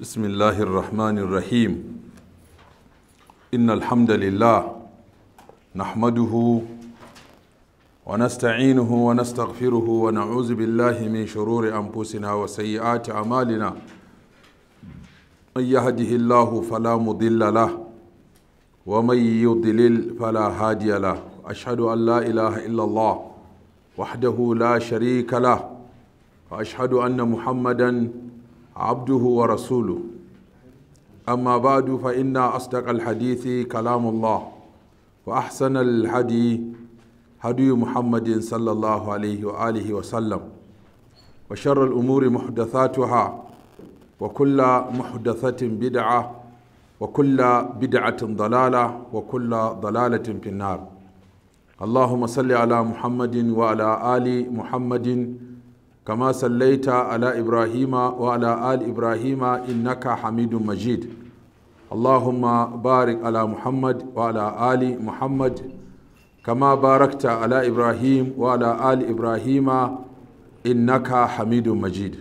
بسم الله الرحمن الرحيم إن الحمد لله نحمده ونستعينه ونستغفره ونعوذ بالله من شرور أنفسنا وسيئات أعمالنا من يهده الله فلا مضل له ومن يضلل فلا هادي له أشهد أن لا إله إلا الله وحده لا شريك له وأشهد أن محمدًا عبده ورسوله أما بعد فإن أصدق الحديث كلام الله وأحسن الهدي هدي محمد صلى الله عليه وآله وسلم وشر الأمور محدثاتها وكل محدثة بدعة وكل بدعة ضلالة وكل ضلالة في النار اللهم صل على محمد وعلى آل محمد كما صليت على إبراهيم وعلى آل إبراهيم إنك حميد مجيد اللهم بارك على محمد وعلى آل محمد كما باركت على إبراهيم وعلى آل إبراهيم إنك حميد مجيد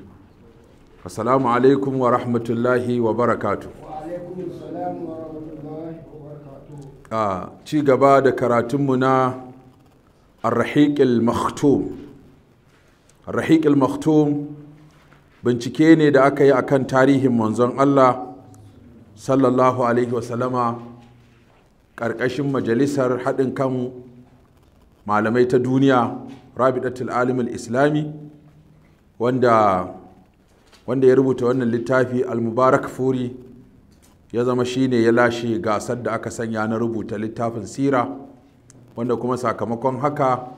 السلام عليكم ورحمة الله وبركاته وعليكم السلام ورحمة الله وبركاته آه. تيجا بعد كراتمنا الرحيق المختوم rahiƙil maktum bincike ne da aka yi a kan tarihin manzon allah sallallahu alaihi wasallama ƙarƙashin majalisar haɗin kan malamai ta duniya rabidatul alimul islami wanda wanda ya rubuta wannan littafi almubarak furi ya zama shine ya lashe gasar da aka sanya na rubuta littafin sira wanda kuma sakamakon haka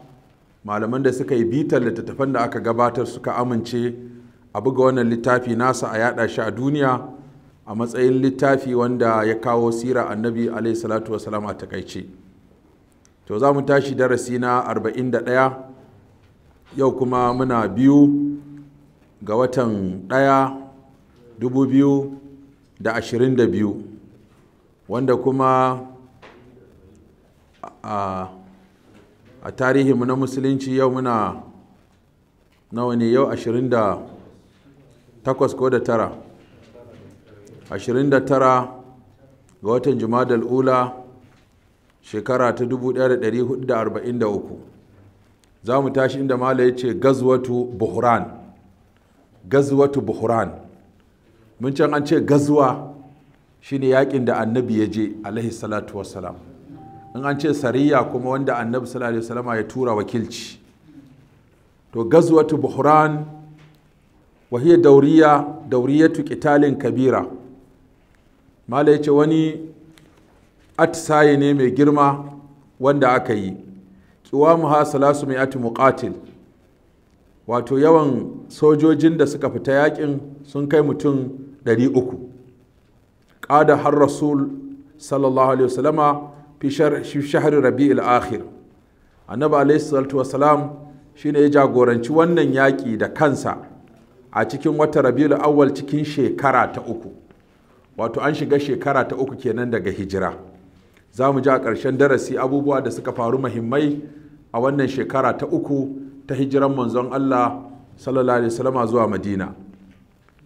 malaman da suka yi bitar littattafan da aka gabatar suka amince a buga wannan littafi nasa a yada shi a duniya a matsayin littafi wanda ya kawo sira annabi alaihi salatu wasalam a takaice to za mu tashi darasi na 41 yau kuma muna biyu ga watan ɗaya 2022 wanda kuma a a tarihinmu na musulunci yau muna nawa ne yau 28 ko da tara 29 ga watan jumadal ula shekara ta 1443 za mu tashi inda mala ya ce gazwatu buhuran gazwatu buhuran mun can an ce gazuwa shine yakin da annabi ya je alaihi salatu wassalam in an ce sariya kuma wanda annabi sallallahu alaihi wasallama ya tura wakilci to gazwatu buhran wa hiya dauriya dauriyatu qitalin kabira mala yace wani atisaye ne mai girma wanda aka yi kiwamu ha salasu mai ati muqatil wato yawan sojojin da suka fita yakin sun kai mutum 300 ƙada har rasul sallallahu alaihi wasallama fi shahar rabi'il akhir annabi alaihi salatu shi shine ya jagoranci wannan yaƙi da kansa a cikin wata rabi'u awwal cikin shekara ta uku wato an shiga shekara ta uku kenan daga hijira za mu ji a ƙarshen darasi abubuwa da suka faru muhimmai a wannan shekara ta uku ta hijiran manzon Allah sallallahu alaihi zuwa Madina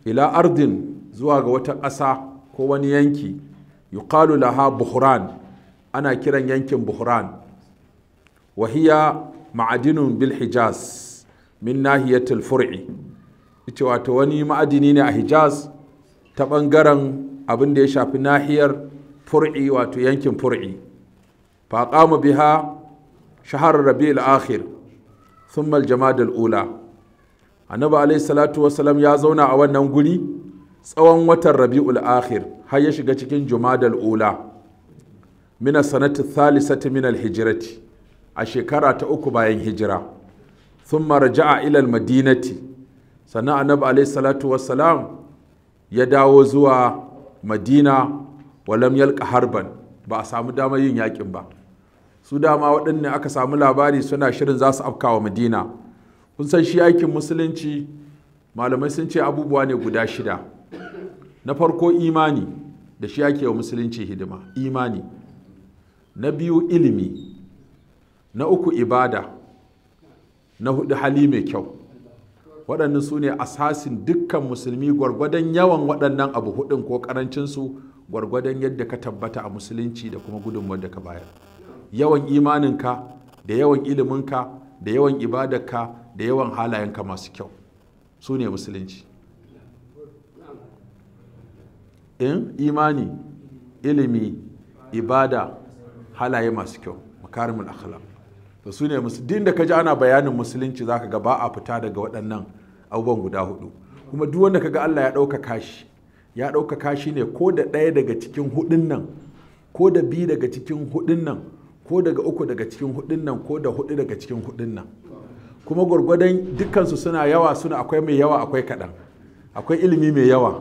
ila ardin zuwa ga wata ƙasa ko wani yanki yuqalu laha buhran ana kiran yankin buhran wahiya ma'adinun bil hijaz min nahiyatul fur'i ita wato wani ma'adini ne a hijaz ta ɓangaren abin da ya shafi nahiyar fur'i wato yankin fur'i faƙamu biha shahar rabi'ul akhir thumma al ula annabi alayhi salatu salam ya zauna a wannan guri tsawon watan rabi'ul akhir har ya shiga cikin jumadal ula mina sanatu thalisati min alhijrati a shekara ta uku bayan hijira sun raja'a ilal madinati sannan annabi alayhi salatu wassalam ya dawo zuwa madina walam yalka harban ba a samu damar yin yakin ba su dama waɗanne aka samu labari suna shirin za su afkawa madina kun san shi yakin musulunci malamai sun ce abubuwa ne guda shida na farko imani da shi ake wa musulunci hidima imani na biyu ilimi na uku ibada na hudu hali mai kyau waɗannan su ne asasin dukkan musulmi gwargwadon yawan waɗannan abu hudun ko karancinsu gwargwadon yadda ka tabbata a musulunci da kuma gudunmuwar da ka bayar yawan imaninka da yawan iliminka da yawan ibadarka da yawan halayenka masu kyau su ne musulunci in imani ilimi ibada halaye masu kyau makarimul akhlaq to su ne din da ka ji ana bayanin musulunci zaka ga ba a fita daga waɗannan abubuwan guda hudu kuma duk wanda kaga Allah ya ɗauka kashi ya ɗauka kashi ne ko da ɗaya daga cikin hudun nan ko da biyu daga cikin hudun nan ko daga uku daga cikin hudun nan ko da hudu daga cikin hudun nan kuma gwargwadon dukkansu suna yawa suna akwai mai yawa akwai kaɗan akwai ilimi mai yawa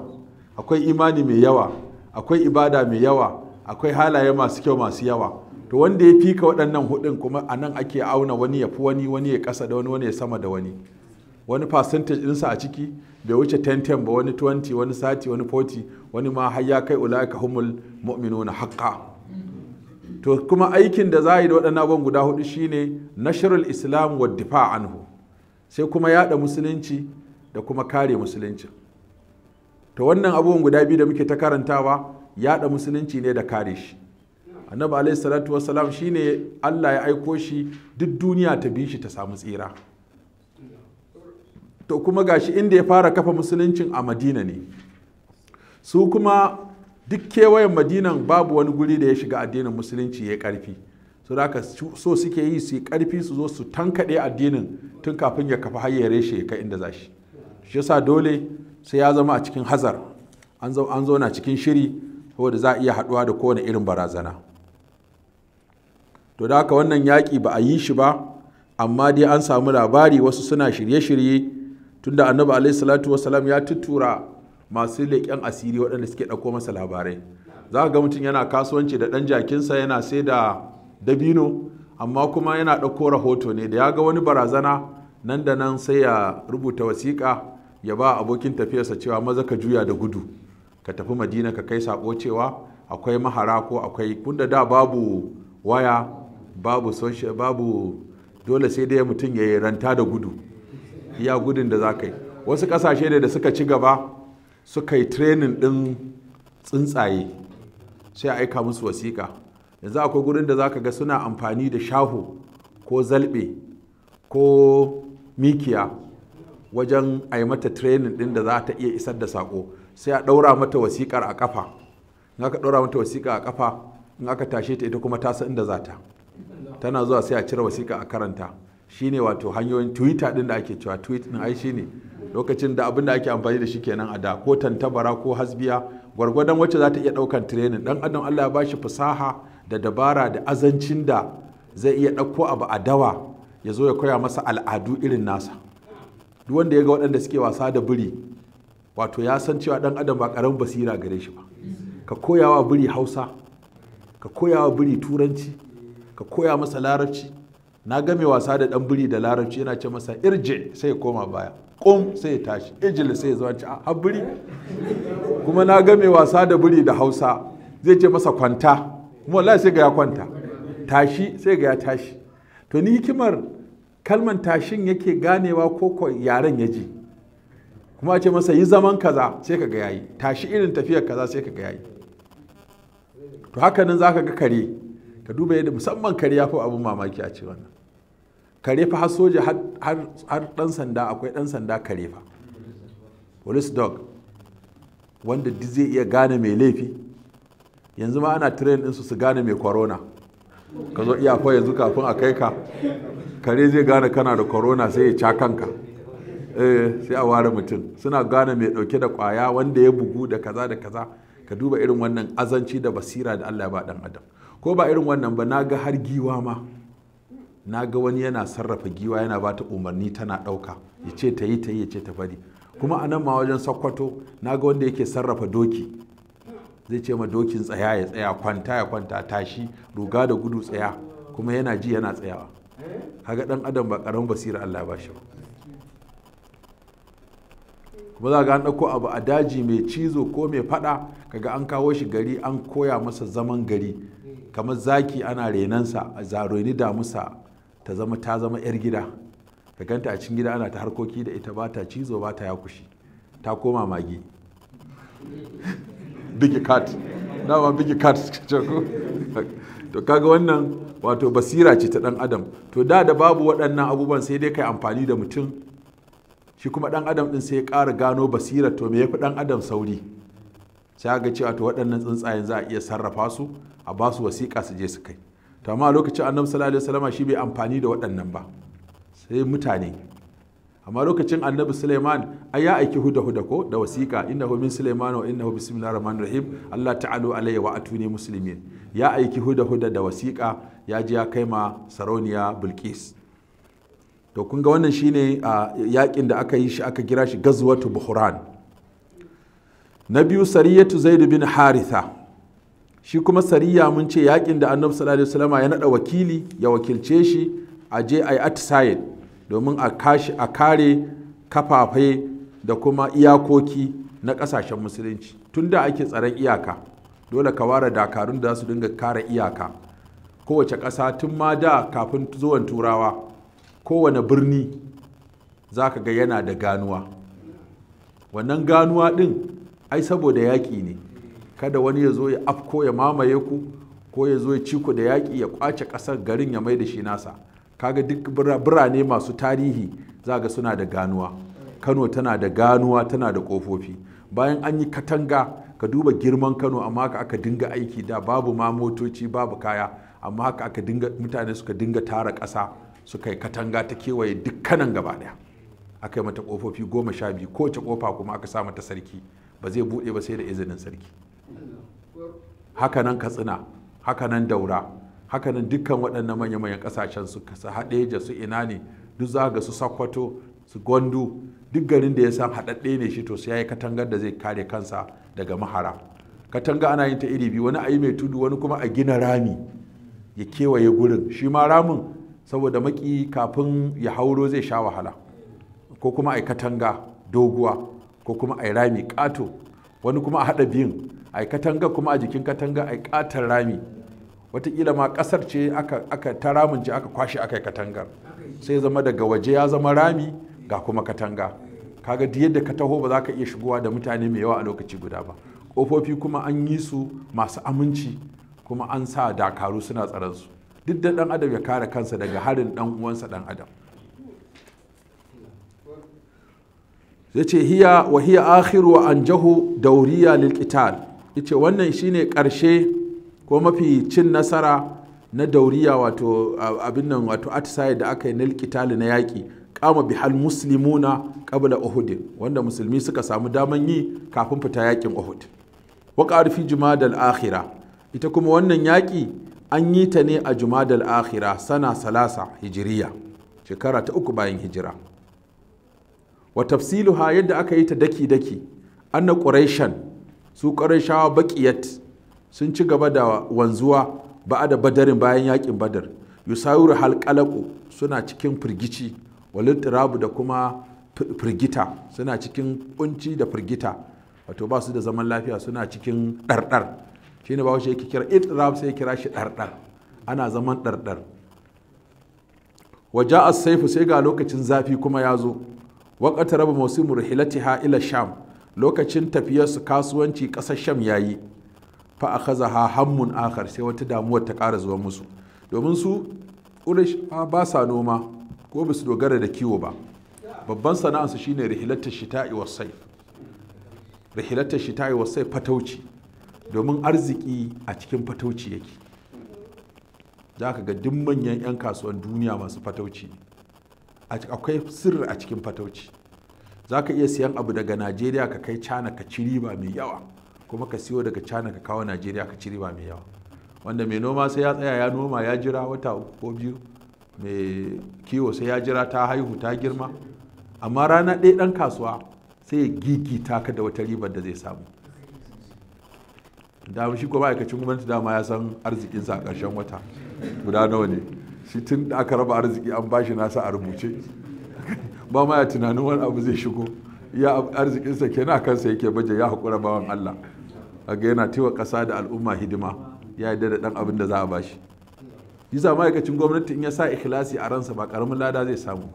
akwai imani mai yawa akwai ibada mai yawa akwai halaye masu kyau masu yawa to wanda ya fika waɗannan hudun kuma a nan ake auna wani ya fi wani wani ya ƙasa da wani wani ya sama da wani wani percentage ɗinsa a ciki bai wuce 10-10 ba wani 20 wani sati wani 40 wani ma har ya kai ulaika humul na haqqa to kuma aikin da za a yi da waɗannan abubuwan guda hudu shine nashrul islam wa difa anhu sai kuma yada musulunci da kuma kare musulunci to wannan abubuwan guda biyu da muke ta karantawa yada musulunci ne da kare shi annabi alaihi salatu shi shine Allah ya aiko shi duk duniya ta bi shi ta samu tsira to kuma gashi inda ya fara kafa musuluncin a madina ne su kuma duk kewayen madinan babu wani guri da ya shiga addinin musulunci ya karfi su da so suke yi su yi karfi su zo su tankaɗe addinin tun kafin ya kafa har ya reshe ya kai inda za shi shi sa dole sai ya zama a cikin hazar an zauna cikin shiri saboda za a iya haɗuwa da kowane irin barazana to da haka wannan yaƙi ba a yi shi ba amma dai an samu labari wasu suna shirye-shirye tunda annabi alaihi salatu wasalam ya tutura masu leƙen asiri waɗanda suke ɗauko masa labarai za ga mutum yana kasuwanci da ɗan jakinsa yana sai da dabino amma kuma yana ɗauko rahoto ne da ya ga wani barazana nan da nan sai ya rubuta wasiƙa ya ba abokin tafiyarsa cewa maza ka juya da gudu ka tafi madina ka kai sako cewa akwai mahara ko akwai kunda da babu waya babu babu dole sai dai mutum ya yi ranta da gudu iya gudun da za ka yi wasu kasashe da suka ci gaba suka yi training din tsuntsaye sai aika musu wasiƙa yanzu akwai gurin da za ka ga suna amfani da shahu ko zalbe ko mikiya wajen a yi mata training din da za ta iya isar da sako sai a ɗaura mata wasiƙar a ƙafa in aka ɗaura mata wasiƙa a ƙafa in aka tashe ta ita kuma ta san inda za ta tana zuwa sai a cire wasiƙa a karanta shine wato hanyoyin twitter din da ake cewa tweet din ai ne lokacin da abin da ake amfani da shi kenan a da ko tantabara ko hasbiya gwargwadon wacce za ta iya ɗaukan training dan adam Allah ya bashi fasaha da dabara da azancin da zai iya ɗauko abu a dawa ya zo ya koya masa al'adu irin nasa duk wanda ya ga waɗanda suke wasa da biri wato ya san cewa ɗan adam ba ƙaramin basira gare shi ba ka koyawa biri hausa ka koyawa biri turanci ka koya masa larabci na game wasa da dan biri da larabci yana ce masa irje sai ya koma baya kum sai ya tashi ijil sai ya zo ci a ah, biri kuma na game wasa da biri da hausa zai ce masa kwanta kuma wallahi sai ga ya kwanta tashi sai ga ya tashi to ni hikimar kalman tashin yake ganewa ko yaren ya ji kuma a ce masa yi zaman kaza sai ka ga yayi tashi irin tafiyar kaza sai ka ga yayi to haka nan zaka ga kare ka duba yadda musamman kare ya fi abin mamaki a ce wannan kare fa har soja har dan sanda akwai dan sanda kare fa police dog wanda duk zai iya gane mai laifi yanzu ma ana train din su su gane mai corona ka zo iya fa yanzu kafin a kai ka kare zai gane kana da corona sai ya kanka eh sai a ware mutum suna gane mai dauke da kwaya wanda ya bugu da kaza da kaza ka duba irin wannan azanci da basira da Allah ya ba dan adam ko ba irin wannan ba na ga har giwa ma na ga wani yana sarrafa giwa yana ba ta umarni tana ɗauka ya ce ta yi ta yi ya ce ta fadi kuma a nan ma wajen sakkwato na ga wanda yake sarrafa doki zai ce ma dokin tsaya ya tsaya kwanta ya kwanta tashi ruga da gudu tsaya kuma yana ji yana tsayawa kaga dan adam ba karamin basira Allah ba shi kuma za ga an ɗauko abu a daji mai cizo ko mai fada kaga an kawo shi gari an koya masa zaman gari kamar zaki ana renansa a zaroni damusa ta zama ta zama yar gida ka ganta a cikin gida ana ta harkoki da ita ba ta cizo ba ta yakushi ta koma magi big cat dama big cat to kaga wannan wato basira ce ta dan adam to da da babu waɗannan abubuwan sai dai kai amfani da mutum shi kuma dan adam din sai ya ƙara gano basira to me yafi dan adam sauri sai ga cewa to waɗannan tsuntsayen za a iya sarrafa su a ba su wasiƙa su je su kai to amma a lokacin annabi sallallahu alaihi wasallam shi bai amfani da waɗannan ba sai mutane amma lokacin annabi suleiman ai ya aiki huda huda ko da wasiƙa innahu min suleiman wa innahu bismillahir rahmanir rahim allah ta'alu alayhi wa atuni muslimin ya aiki huda huda da wasiƙa ya ji ya kai ma sarauniya bilqis to kun ga wannan shine yakin da aka yi shi aka kira shi gazwatu buhran na biyu sariyatu zaidu bin haritha shi kuma sariya mun ce yakin da annabi sallallahu alaihi wasallam ya naɗa wakili ya wakilce shi a je a yi atisayen domin a kashi a kare kafafai da kuma iyakoki na ƙasashen musulunci tunda ake tsaron iyaka dole ka ware dakarun da su dinga kare iyaka kowace ƙasa tun ma da kafin zuwan turawa kowane birni za ka ga yana da ganuwa wannan ganuwa ɗin ai saboda yaƙi ne kada wani ya zo ya afko ya mamaye ku ko ya zo ya ci ku da yaƙi ya kwace ƙasar garin ya mai da shi nasa kaga duk birane masu tarihi za ga suna da ganuwa kano tana da ganuwa tana da ƙofofi bayan an yi katanga ka duba girman kano amma haka aka dinga aiki da babu ma motoci babu kaya amma haka aka dinga mutane suka dinga tara ƙasa suka yi katanga ta kewaye dukkanin gaba ɗaya aka yi mata ƙofofi goma sha biyu kowace ƙofa kuma aka sa mata sarki ba zai buɗe ba sai da izinin sarki hakanan katsina hakanan daura hakanan dukkan waɗannan manya-manyan ƙasashen su haɗe da su ina ne duk za ga su sakwato su gwandu duk garin da ya san haɗaɗɗe ne shi to sai ya yi katangar da zai kare kansa daga mahara katanga ana yin ta iri biyu wani a yi mai tudu wani kuma a gina rami ya kewaye gurin shi ma ramin saboda maki kafin ya hauro zai sha wahala ko kuma a katanga doguwa ko kuma a rami ƙato wani kuma a haɗa biyun a katanga kuma a jikin katanga a yi ƙatar rami Wataƙila ma ƙasar ce aka ta ramin ce aka kwashe aka yi katangar sai zama daga waje ya zama rami ga kuma katanga kaga duk yadda ka taho ba za ka iya shigowa da mutane mai yawa a lokaci guda ba ƙofofi kuma an yi su masu aminci kuma an sa dakaru suna tsaron duk da ɗan adam ya kare kansa daga harin ɗan uwansa ɗan adam ya ce hiya wa hiya akhiru an jahu dauriya lil qital yace wannan shine karshe ko mafi cin nasara na dauriya wato abin nan wato atisaye da aka yi na qital na yaki kama bihal muslimuna qabla uhud wanda musulmi suka samu daman yi kafin fita yakin uhud wa qarfi jumadal akhira ita kuma wannan yaki an yi ta ne a jumadal akhira sana salasa hijiriya shekara ta uku bayan hijira wa tafsiluha yadda aka yi ta daki-daki anna ƙuraishan su ƙuraishawa baƙiyat sun ci gaba da wanzuwa ba'a da badarin bayan yakin badar yusayuru halƙalaƙo suna cikin firgici walittirabu da kuma firgita suna cikin kunci da firgita wato ba su da zaman lafiya suna cikin ɗarɗar shi ne ba wasu yake kira itirab sai kira shi ɗarɗar ana zaman ɗarɗar waje a saifu sai ga lokacin zafi kuma ya zo waƙata raba murhilati ha ila sham lokacin tafiyarsu kasuwanci ƙasar sham yi. fa a kaza ha hammun Akar sai wata damuwar ta ƙara zuwa musu domin su ƙurish ba sa noma ko ba su dogara da kiwo ba babban sana'arsu shine rihilatar shita iwa saif rihilatar shita iwa saif fatauci domin arziki a cikin fatauci yake za ka ga duk manyan 'yan kasuwan duniya masu fatauci akwai sirri a cikin fatauci za ka iya siyan abu daga najeriya ka kai cana ka ci riba mai yawa kuma ka siyo daga cana ka kawo najeriya ka ci riba mai yawa wanda mai noma sai ya tsaya ya noma ya jira wata ko biyu mai kiwo sai ya jira ta haihu ta girma amma rana ɗaya ɗan kasuwa sai ya gigita ka da wata ribar da zai samu da shi kuma ma'aikacin gwamnati dama ya san arzikinsa a ƙarshen wata guda nawa ne shi tun da aka raba arziki an bashi nasa a rubuce ba ma ya tunanin wani abu zai shigo ya arzikinsa ke na kansa yake baje ya haƙura bawan Allah ga yana taiwa ƙasa da al'umma hidima ya yi da ɗan abin da za a bashi yasa ma'aikacin gwamnati in ya sa ikhlasi a ransa ba ƙaramin lada zai samu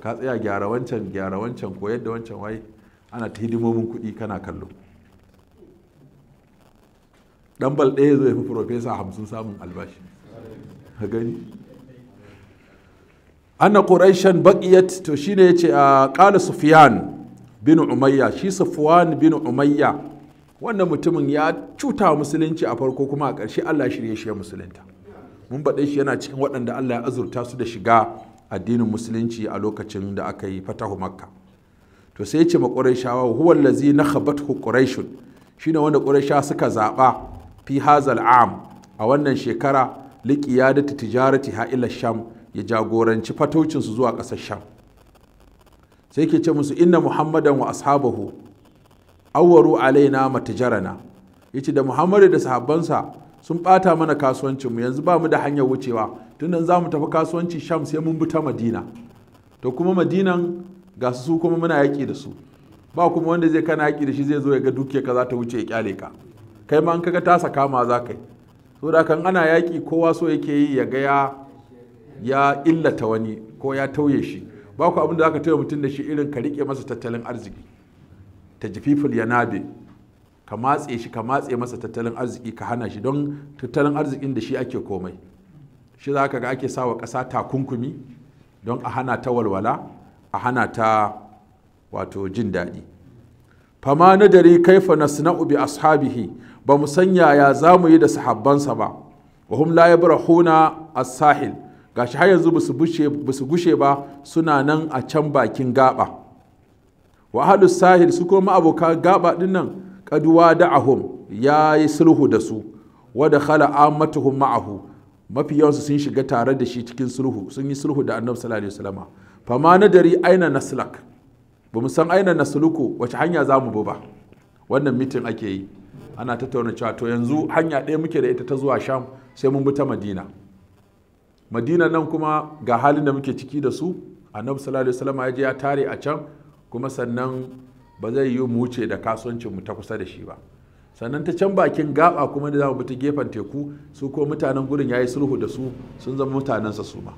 ka tsaya gyara wancan gyara wancan koyar da wancan waye ana ta hidimomin kuɗi kana kallo ɗan bal ɗaya zai fi profesa hamsin samun albashi gani anna quraishan baqiyat to shine yace a ah, qala sufyan bin umayya shi sufwan bin umayya wannan mutumin ya cuta musulunci a farko kuma a ƙarshe Allah shirye shi musulunta mun bade shi yana cikin waɗanda Allah ya azurta su da shiga addinin musulunci a lokacin da aka yi fatahu makka to sai ce ma quraishawa huwa allazi nakhabathu quraish shine wanda quraisha suka zaba fi hazal am a wannan shekara liqiyadati tijarati ha ila sham ya jagoranci fatocinsu zuwa ƙasar sham sai ke ce musu inna muhammadan wa ashabahu awwaru alaina matajarana yace da muhammadu da sahabbansa sun bata mana kasuwancinmu yanzu ba mu da hanyar wucewa tun za mu tafi kasuwanci sham sai mun bi ta madina to kuma madinan ga su kuma muna yaƙi da su ba kuma wanda zai kana yaƙi da shi zai zo ya ga dukiya ka za ta wuce ya kyale ka kai ma an kaga tasa kama za kai saboda kan ana yaƙi kowa so yake yi ya ga ya ya illata wani ko ya tauye shi ba ku abin da ka tauye mutum da shi irin ka rike masa tattalin arziki ta jififil ya nabe ka matse shi ka matse masa tattalin arziki ka hana shi don tattalin arzikin da shi ake komai shi za ka ga ake sawa ƙasa takunkumi don a hana ta walwala a hana ta wato jin daɗi fama na dare kaifa nasna'u bi ashabihi ba mu san yaya za mu yi da sahabbansa ba wa hum la yabrahuna as-sahil gashi har yanzu ba su gushe ba suna nan a can bakin gaba wa ahlus sahil su kuma aboka gaba din nan kaduwa da ahum ya yi sulhu da su wada khala amatuhum ma'ahu mafi yawansu sun shiga tare da shi cikin sulhu sun yi sulhu da annabi sallallahu alaihi wasallam fama nadari aina naslak ba mu san aina nasluku wace hanya za mu bi ba wannan mitin ake yi ana tattauna cewa to yanzu hanya ɗaya muke da ita ta zuwa sham sai mun bi ta madina madina nan kuma ga halin da muke ciki da su annabi sallallahu alaihi wasallam ya je ya tare a can kuma sannan ba zai yi mu wuce da kasuwancin mu ta kusa da shi ba sannan ta can bakin gaba kuma da za mu bi ta gefen teku su ko mutanen ya yayi sulhu da su sun zama sa su ma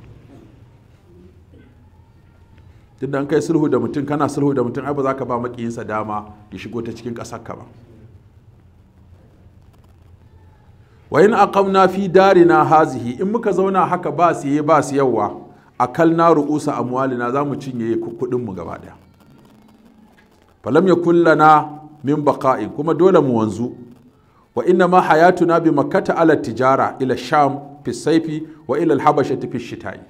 tunda an kai sulhu da mutum kana sulhu da mutum ai ba za ka ba makiyinsa dama ya shigo ta cikin ƙasar ka ba wa in aqamna fi darina hazihi in muka zauna haka ba su ba su yawa akal na ru'usa amwalina mu cinye kuɗin mu gaba daya falam yakul lana min baqa'i kuma dole mu wanzu wa inna ma hayatuna bi makkata ala tijara ila sham fi saifi wa ila al-habashati fi shita'i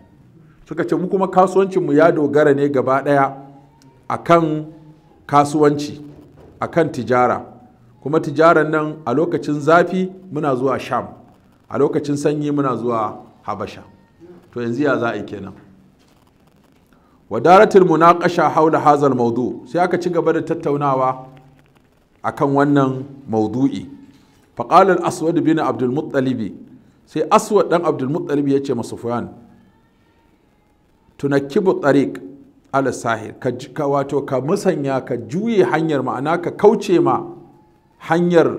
suka ce mu kuma kasuwancin mu ya dogara ne gaba daya akan kasuwanci akan tijara kuma tijaran nan a lokacin zafi muna zuwa sham a lokacin sanyi muna zuwa habasha to yanzu ya za a yi kenan wadaratul munaqasha haula hazal maudu sai aka ci gaba da tattaunawa akan wannan maudu'i qala al-aswad bin abdul muttalib sai aswad dan abdul ya ce masa fuyan tunakibu tariq ala sahil ka wato ka musanya ka juye hanyar ma'ana ka kauce ma hanyar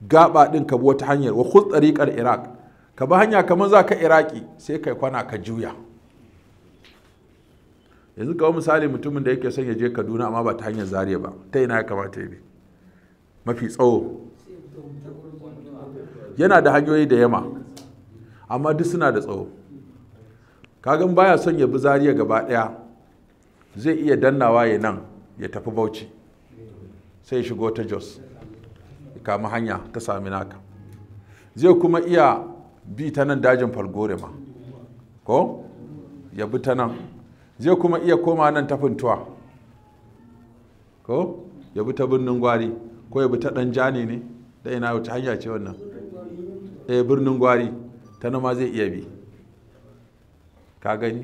gaba din ka bi wata hanyar wa khudh tariqal iraq ka bi hanya kamar za ka iraki sai kai kwana ka juya yanzu kawai misali mutumin da yake son ya je kaduna amma ba ta hanyar zariya ba ta ina ya kamata ya mafi tsawo yana da hanyoyi da yama amma duk suna da tsawo kagan baya son ya bi zariya gaba daya zai iya dannawa ya nan ya tafi bauchi sai ya shigo ta jos kama hanya ta sami naka zai kuma iya bi ta nan dajin falgore ma ko ya bi ta nan zai kuma iya koma nan ta fintuwa ko ya bi ta birnin gwari ko ya bi ta ɗan jani ne da ina wuce hanya ce wannan eh birnin gwari ta nan ma zai iya bi ka gani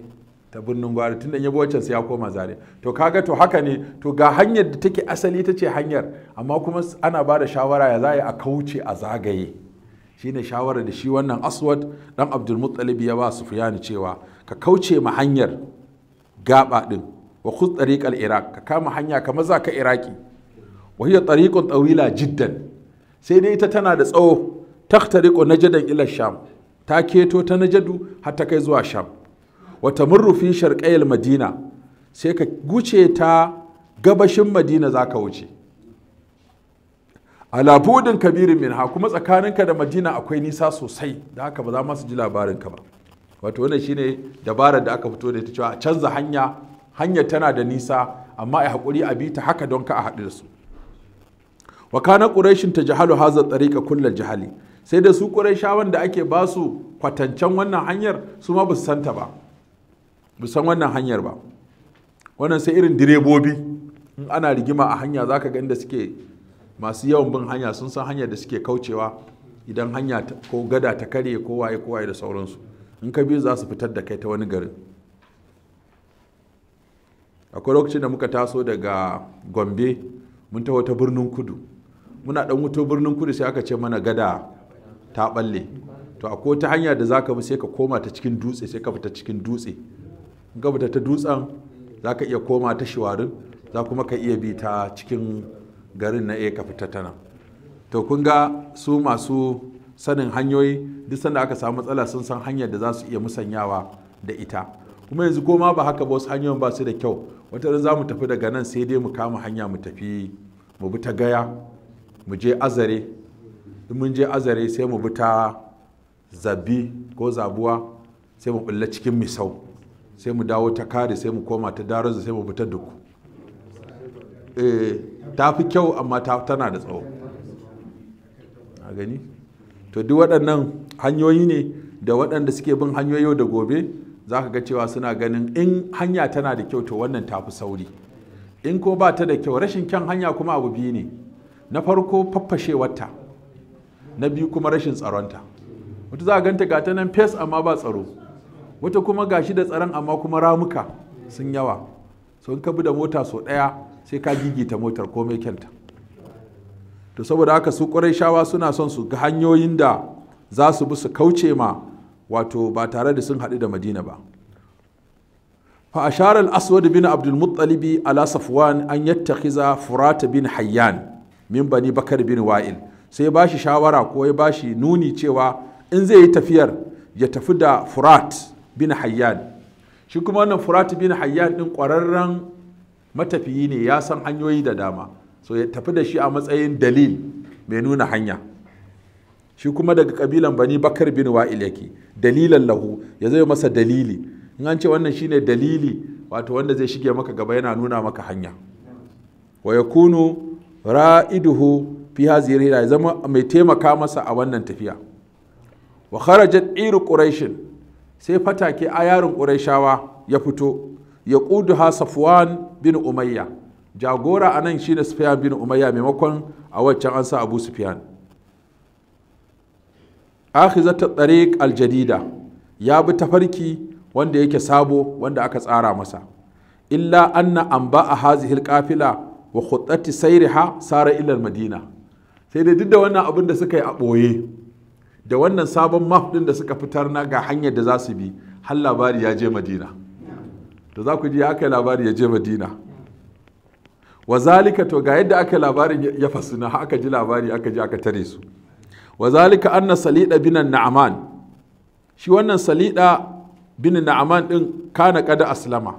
ta birnin gwari tun da yabo wancan sai ya koma zare to kaga to haka ne to ga hanyar da take asali ta ce hanyar amma kuma ana ba da shawara ya za a kauce a zagaye shine shawara da shi wannan aswad dan abdulmuttalib ya ba sufyani cewa ka kauce ma hanyar gaba din wa khudh tariqal iraq ka kama hanya kamar za ka iraki wa hiya tariqun tawila jiddan sai dai ita tana da tsawo taktariqu najadan ila sham ta keto ta najadu har ta kai zuwa sham wata murrufi sharƙayil madina sai ka guce ta gabashin madina za ka wuce alabudin kabirin minha kuma tsakaninka da madina akwai nisa sosai da haka ba za masu ji ka ba wato wannan shine dabarar da aka fito da ita cewa canza hanya hanya tana da nisa amma a haƙuri a bi ta haka don ka a haɗu da su wa kana quraishin tajhalu hadha tariqa kullal jahali sai da su quraishawan da ake basu kwatancen wannan hanyar su ma ba su santa ba ba san wannan hanyar ba wannan sai irin direbobi in ana rigima a hanya za ka da suke masu yawan bin hanya sun san hanyar da suke kaucewa idan hanya ko gada ta karye ko waye ko waye da sauransu in ka biyu za su fitar da kai ta wani garin akwai lokacin da muka taso daga gombe mun ta wata birnin kudu muna dan wuto birnin kudu sai aka ce mana gada ta balle to akwai ta hanya da za ka bi sai ka koma ta cikin dutse sai ka fita cikin dutse gabata ta dutsen za ka iya koma ta shiwarin za kuma ka iya bi ta cikin garin na aka ka fita ta nan to kun ga su masu sanin hanyoyi duk sanda aka samu matsala sun san hanyar da za su iya musanyawa da ita kuma yanzu ko ma ba haka ba wasu hanyoyin ba su da kyau wata za mu tafi daga nan sai dai mu kama hanya mu tafi mu bi ta gaya mu je azare in mun je azare sai mu bi ta zabi ko zabuwa sai mu bulla cikin misau sai mu dawo ta kare sai mu koma ta daraza sai mu fita duku eh, ta fi kyau amma tana da tsawo a gani to duk waɗannan hanyoyi ne da waɗanda suke bin hanyoyi yau da gobe za ka ga cewa suna ganin in hanya tana da kyau to wannan ta fi sauri in ko ba ta da kyau rashin kyan hanya kuma abu biyu ne na farko faffashewarta na biyu kuma rashin tsaronta wata za a ganta ta nan fes amma ba tsaro wata kuma gashi da tsaron amma kuma ramuka sun yawa sun kabi da mota sau ɗaya sai ka gigita motar ko kyanta to saboda haka su kwarai shawa suna son su ga hanyoyin da za su bi su kauce ma wato ba tare da sun haɗu da madina ba fa ashara al-aswad bin abdul muttalib ala safwan an yattakhiza furat bin hayyan min bani bakar bin wa'il sai bashi shawara ko ya bashi nuni cewa in zai yi tafiyar ya tafi da furat bin hayyan shi kuma wannan furat bin hayyan din kwararren matafiyi ne ya san hanyoyi da dama so ya tafi da shi a matsayin dalil mai nuna hanya shi kuma daga kabilan bani bakar bin wa'il yake dalilan lahu ya zai masa dalili in an ce wannan shine dalili wato wanda zai shige maka gaba yana nuna maka hanya wa yakunu ra'iduhu fi hadhihi ya zama mai taimaka masa a wannan tafiya wa kharajat iru quraishin sai fatake ayarin ƙurayshawa ya fito ya ƙudu ha safwan bin umayya jagora a nan shi da sufyan bin umayya maimakon a waccan an sa abu sufyan akhizata tsare aljadida ya bi tafarki wanda yake sabo wanda aka tsara masa illa anna anba a hazihil kafila wa sairi ha sara illar madina sai dai duk da wannan abin da suka yi a ɓoye da wannan sabon map din da suka fitar na ga hanyar da za su bi har labari ya je madina to za ku ji aka yi labari ya je madina wa zalika to ga yadda aka labarin ya fasuna na aka ji labari aka ji aka tare su wa zalika anna salida bin na'aman shi wannan salida bin na'aman din kana kada aslama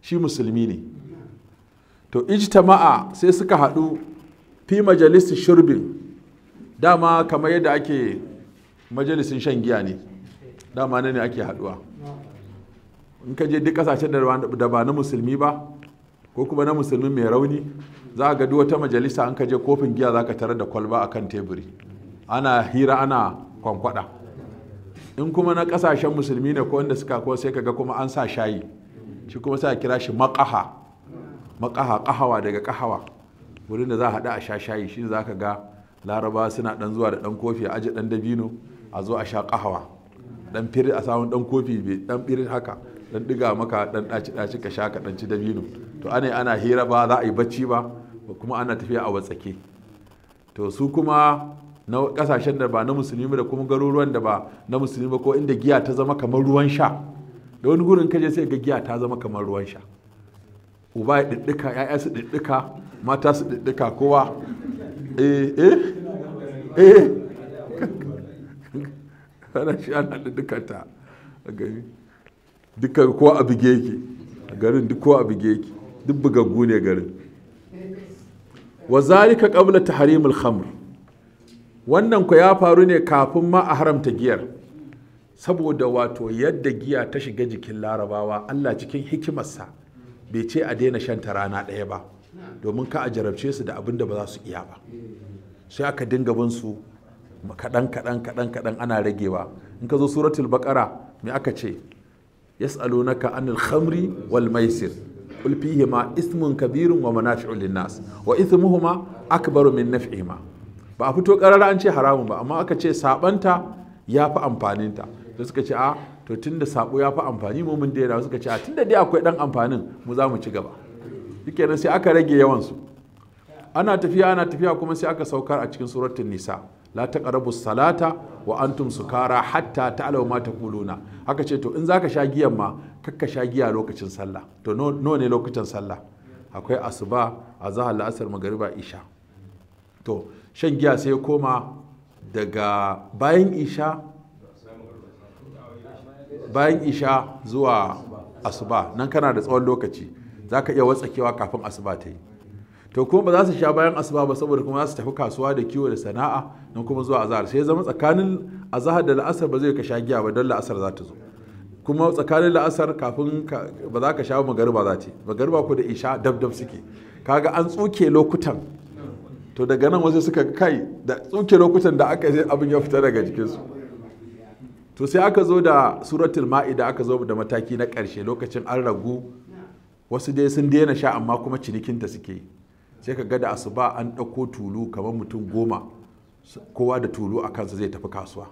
shi musulmi ne to ijtama'a sai suka haɗu fi majalisi shurbin dama kamar yadda ake majalisin shan giya ne dama ne ake haduwa in ka je duk kasashen da ba na musulmi ba ko kuma na musulmi mai rauni za ga duk wata majalisa an ka je kofin giya za ka tare da kwalba a kan teburi ana hira ana kwankwada in kuma na kasashen musulmi ne ko wanda suka ko sai ka ga kuma an sa shayi shi kuma sai a kira shi makaha makaha kahawa daga kahawa wurin da za a haɗu a sha shayi shi za ka ga laraba suna ɗan zuwa da ɗan kofi a aji ɗan dabino a zo a sha kahawa dan fir a samun dan kofi bai dan birin haka dan diga maka dan daci daci ka sha ka dan ci dabino to ana ana hira ba za a yi bacci ba kuma ana tafiya a watsake to su kuma na kasashen da ba na musulmi da kuma garuruwan da ba na musulmi ba ko inda giya ta zama kamar ruwan sha da wani gurin kaje sai ga giya ta zama kamar ruwan sha uba ya diddika ya'ya su diddika mata su diddika kowa eh eh eh ana shi ana da dukata a gari duka ko a buge yake a garin duk ko a buge yake duk bugaggu ne garin wa zalika qabla al khamr wannan ku ya faru ne kafin ma a haramta giyar saboda wato yadda giya ta shiga jikin larabawa Allah cikin hikimarsa bai ce a daina shan ta rana ɗaya ba domin ka a jarabce su da abin da ba za su iya ba sai aka dinga bin su kaɗan kaɗan kaɗan kaɗan ana ragewa in ka zo suratul baqara me aka ce yas'alunaka anil khamri wal maisir qul fihima ismun kabirun wa manafi'u linnas wa ithmuhuma akbaru min naf'ihima ba a fito karara an ce haramun ba amma aka ce sabanta ya fi amfaninta da suka ce a to tunda sabo ya fi amfani mu mun daina suka ce a tunda dai akwai dan amfanin mu za mu ci gaba shikenan sai aka rage yawan su ana tafiya ana tafiya kuma sai aka saukar a cikin suratul nisa la taqrabu salata wa antum sukara hatta ta'lamu ma kuluna. haka ce to in zaka sha giyan ma kakka sha giya lokacin sallah to no, ne lokacin sallah akwai asuba azhar la'asar magariba isha to shan giya sai koma daga bayan isha bayan isha zuwa asuba nan kana da tsawon lokaci zaka iya watsakewa kafin asuba ta yi to kuma ba za su sha bayan asuba ba saboda kuma za su tafi kasuwa da kiwo da sana'a don kuma zuwa azahar sai zama tsakanin azahar da la'asar ba zai ka sha giya ba don la'asar za ta zo kuma tsakanin la'asar kafin ba za ka sha ba magariba za ta magariba ko da isha dab dab suke kaga an tsuke lokutan to daga nan wasu suka kai da tsuke lokutan da aka yi abin ya fita daga jikinsu to sai aka zo da suratul ma'ida aka zo da mataki na ƙarshe lokacin an ragu wasu dai sun daina sha amma kuma cinikinta suke yi sai ka ga da asuba an ɗauko tulu kamar mutum goma kowa da tulu a kansa zai tafi kasuwa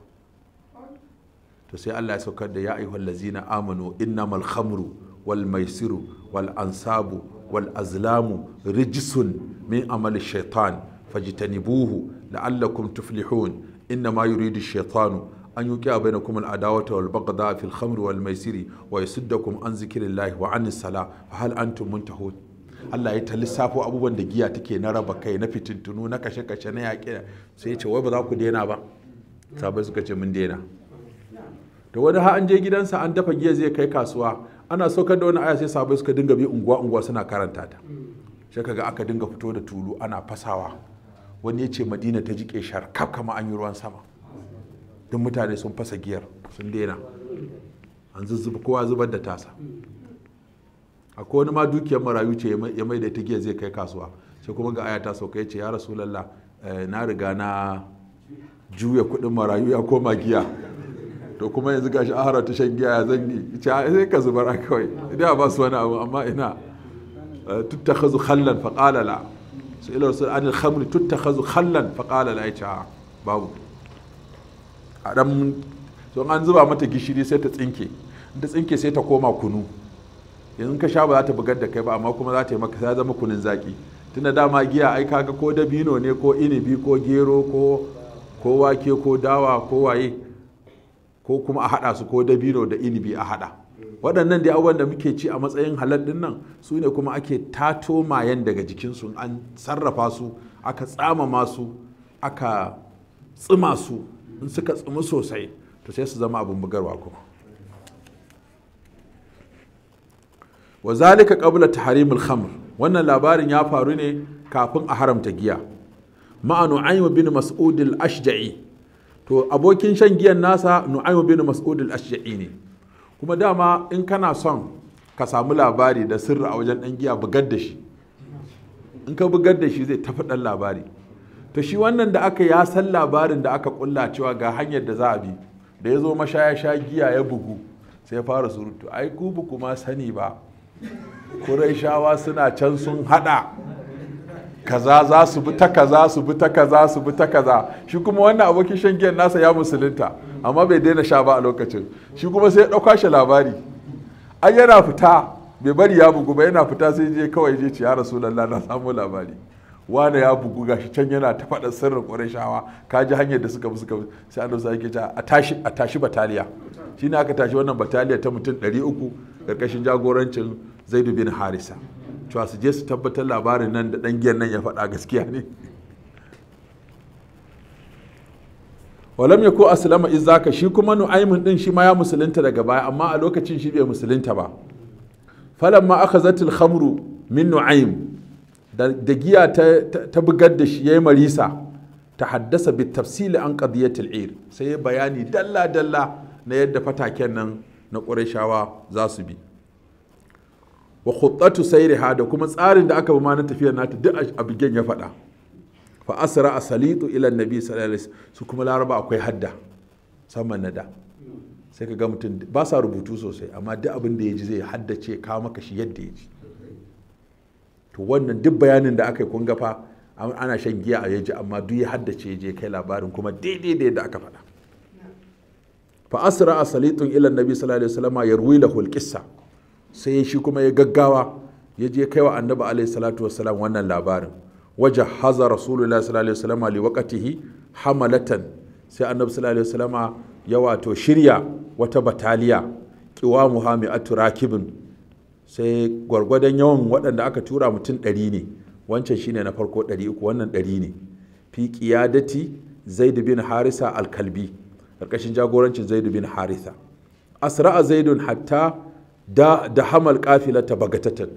to sai Allah ya saukar da ya ayyuhal lazina amanu innamal khamru wal maisiru wal ansabu wal azlamu rijisun min amali shaitan fajtanibuhu la'allakum tuflihun innama yuridu shaitanu an yuqiya bainakum al adawata wal baghdha fil khamri wal maisiri wa yasuddakum an zikrillahi wa anis sala fa hal antum muntahun Allah ya ta lissafo abubuwan da giya take na raba kai na fitintunu na kashe-kashe na yaƙi sai ya ce wai ba za ku daina ba sabai suka ce mun daina Da wani har an je gidansa an dafa giya zai kai kasuwa ana saukar da wani aya sai sabai suka dinga bi unguwa unguwa suna karanta ta sai kaga aka dinga fito da tulu ana fasawa wani ya ce madina ta jike sharkaf kama an yi ruwan sama duk mutane sun fasa giyar sun daina an zuzzuba kowa zubar da tasa akwai wani ma dukiyar marayu ce ya mai da ta giya zai kai kasuwa sai kuma ga ayata sauka ya ce ya rasulallah eh, na riga na juya kudin marayu ya koma giya to kuma yanzu shi ahara ta shan giya ya zan yi sai ka zubar a kawai idan ba su wani abu amma ina eh, tuttakhazu khallan fa qala la su ila rasul an al tuttakhazu khallan fa qala la ya babu a dan an zuba mata gishiri sai ta tsinke ta tsinke sai ta koma kunu yanzu ka sha ba za ta bugar da kai ba amma kuma za ta yi maka ta zama kunin zaki tunda dama giya ai kaga ko dabino ne ko inibi ko gero ko ko wake ko dawa ko waye ko kuma a hada su ko dabino da inibi a hada waɗannan dai abubuwan da muke ci a matsayin halal din nan su ne kuma ake tato mayan daga jikin su an sarrafa su aka tsamama su aka tsima su in suka tsimi sosai to sai su zama abin bugarwa kuma wa zalika qabla tahrimil khamr wannan labarin ya faru ne kafin a haramta giya ma'a nu'aym bin mas'ud al-ashja'i to abokin shan giyan nasa nu'aym bin mas'ud al-ashja'i ne kuma dama in kana son ka samu labari da sirri a wajen dan giya bugar da shi in ka bugar da shi zai tafi dan labari to shi wannan da aka ya san labarin da aka kulla cewa ga hanyar da za a bi da ya zo mashaya sha giya ya bugu sai ya fara surutu ai ku ba kuma sani ba kuraishawa suna can sun hada kaza za su bi ta kaza su bi ta kaza su bi ta kaza shi kuma wannan abokin shan giyan nasa ya musulunta amma bai daina sha ba a lokacin shi kuma sai ya ɗauka shi labari ai yana fita bai bari ya bugu ba yana fita sai je kawai je ci ya rasulallah na samu labari wane ya bugu gashi can yana ta faɗa sirrin ƙwarai ka ji hanyar da suka bi suka sai annabi sai yake ta a tashi bataliya? Shi bataliya aka tashi wannan bataliya ta mutum ɗari 300 ƙarƙashin jagorancin zaidu bin harisa cewa su je su tabbatar labarin nan da ɗan giyan nan ya faɗa gaskiya ne walam ya ko aslama izaka shi kuma nu'aimin din shi ma ya musulunta daga baya amma a lokacin shi bai musulunta ba aka akhazatil khamru min nu'aim da giya ta, bugar da shi yi marisa ta haddasa bi tafsili an qadiyatil ir sai bayani dalla dalla na yadda fataken nan na ƙurashawa za su bi wa khuttatu sayriha da kuma tsarin da aka bi ma na tafiyar nata duk abigen ya faɗa fa asra asalitu ila annabi sallallahu alaihi wasallam su kuma laraba akwai hadda saman nada sai ka ga mutum ba sa rubutu sosai amma duk abin da ya ji zai haddace ka maka shi yadda ya ji to wannan duk bayanin da aka yi kun gafa ana shan giya a yaji amma duk ya haddace ya je kai labarin kuma daidai da yadda aka faɗa fa asra asalitun ila annabi sallallahu alaihi wasallam yarwi lahu alqissa sai shi kuma ya gaggawa ya je kai wa annabi alaihi salatu wassalam wannan labarin waje haza rasulullah sallallahu alaihi wasallama li waqatihi hamalatan sai annabi sallallahu alaihi wasallama ya wato shirya wata bataliya qiwamu hami'atu rakibin sai gwargwadon yawan waɗanda aka tura mutum ɗari ne wancan shine na farko ɗari uku wannan ɗari ne fi qiyadati zaid bin harisa alkalbi karkashin jagorancin zaid bin harisa asra'a zaidun hatta da da hamal kafilata bagatatan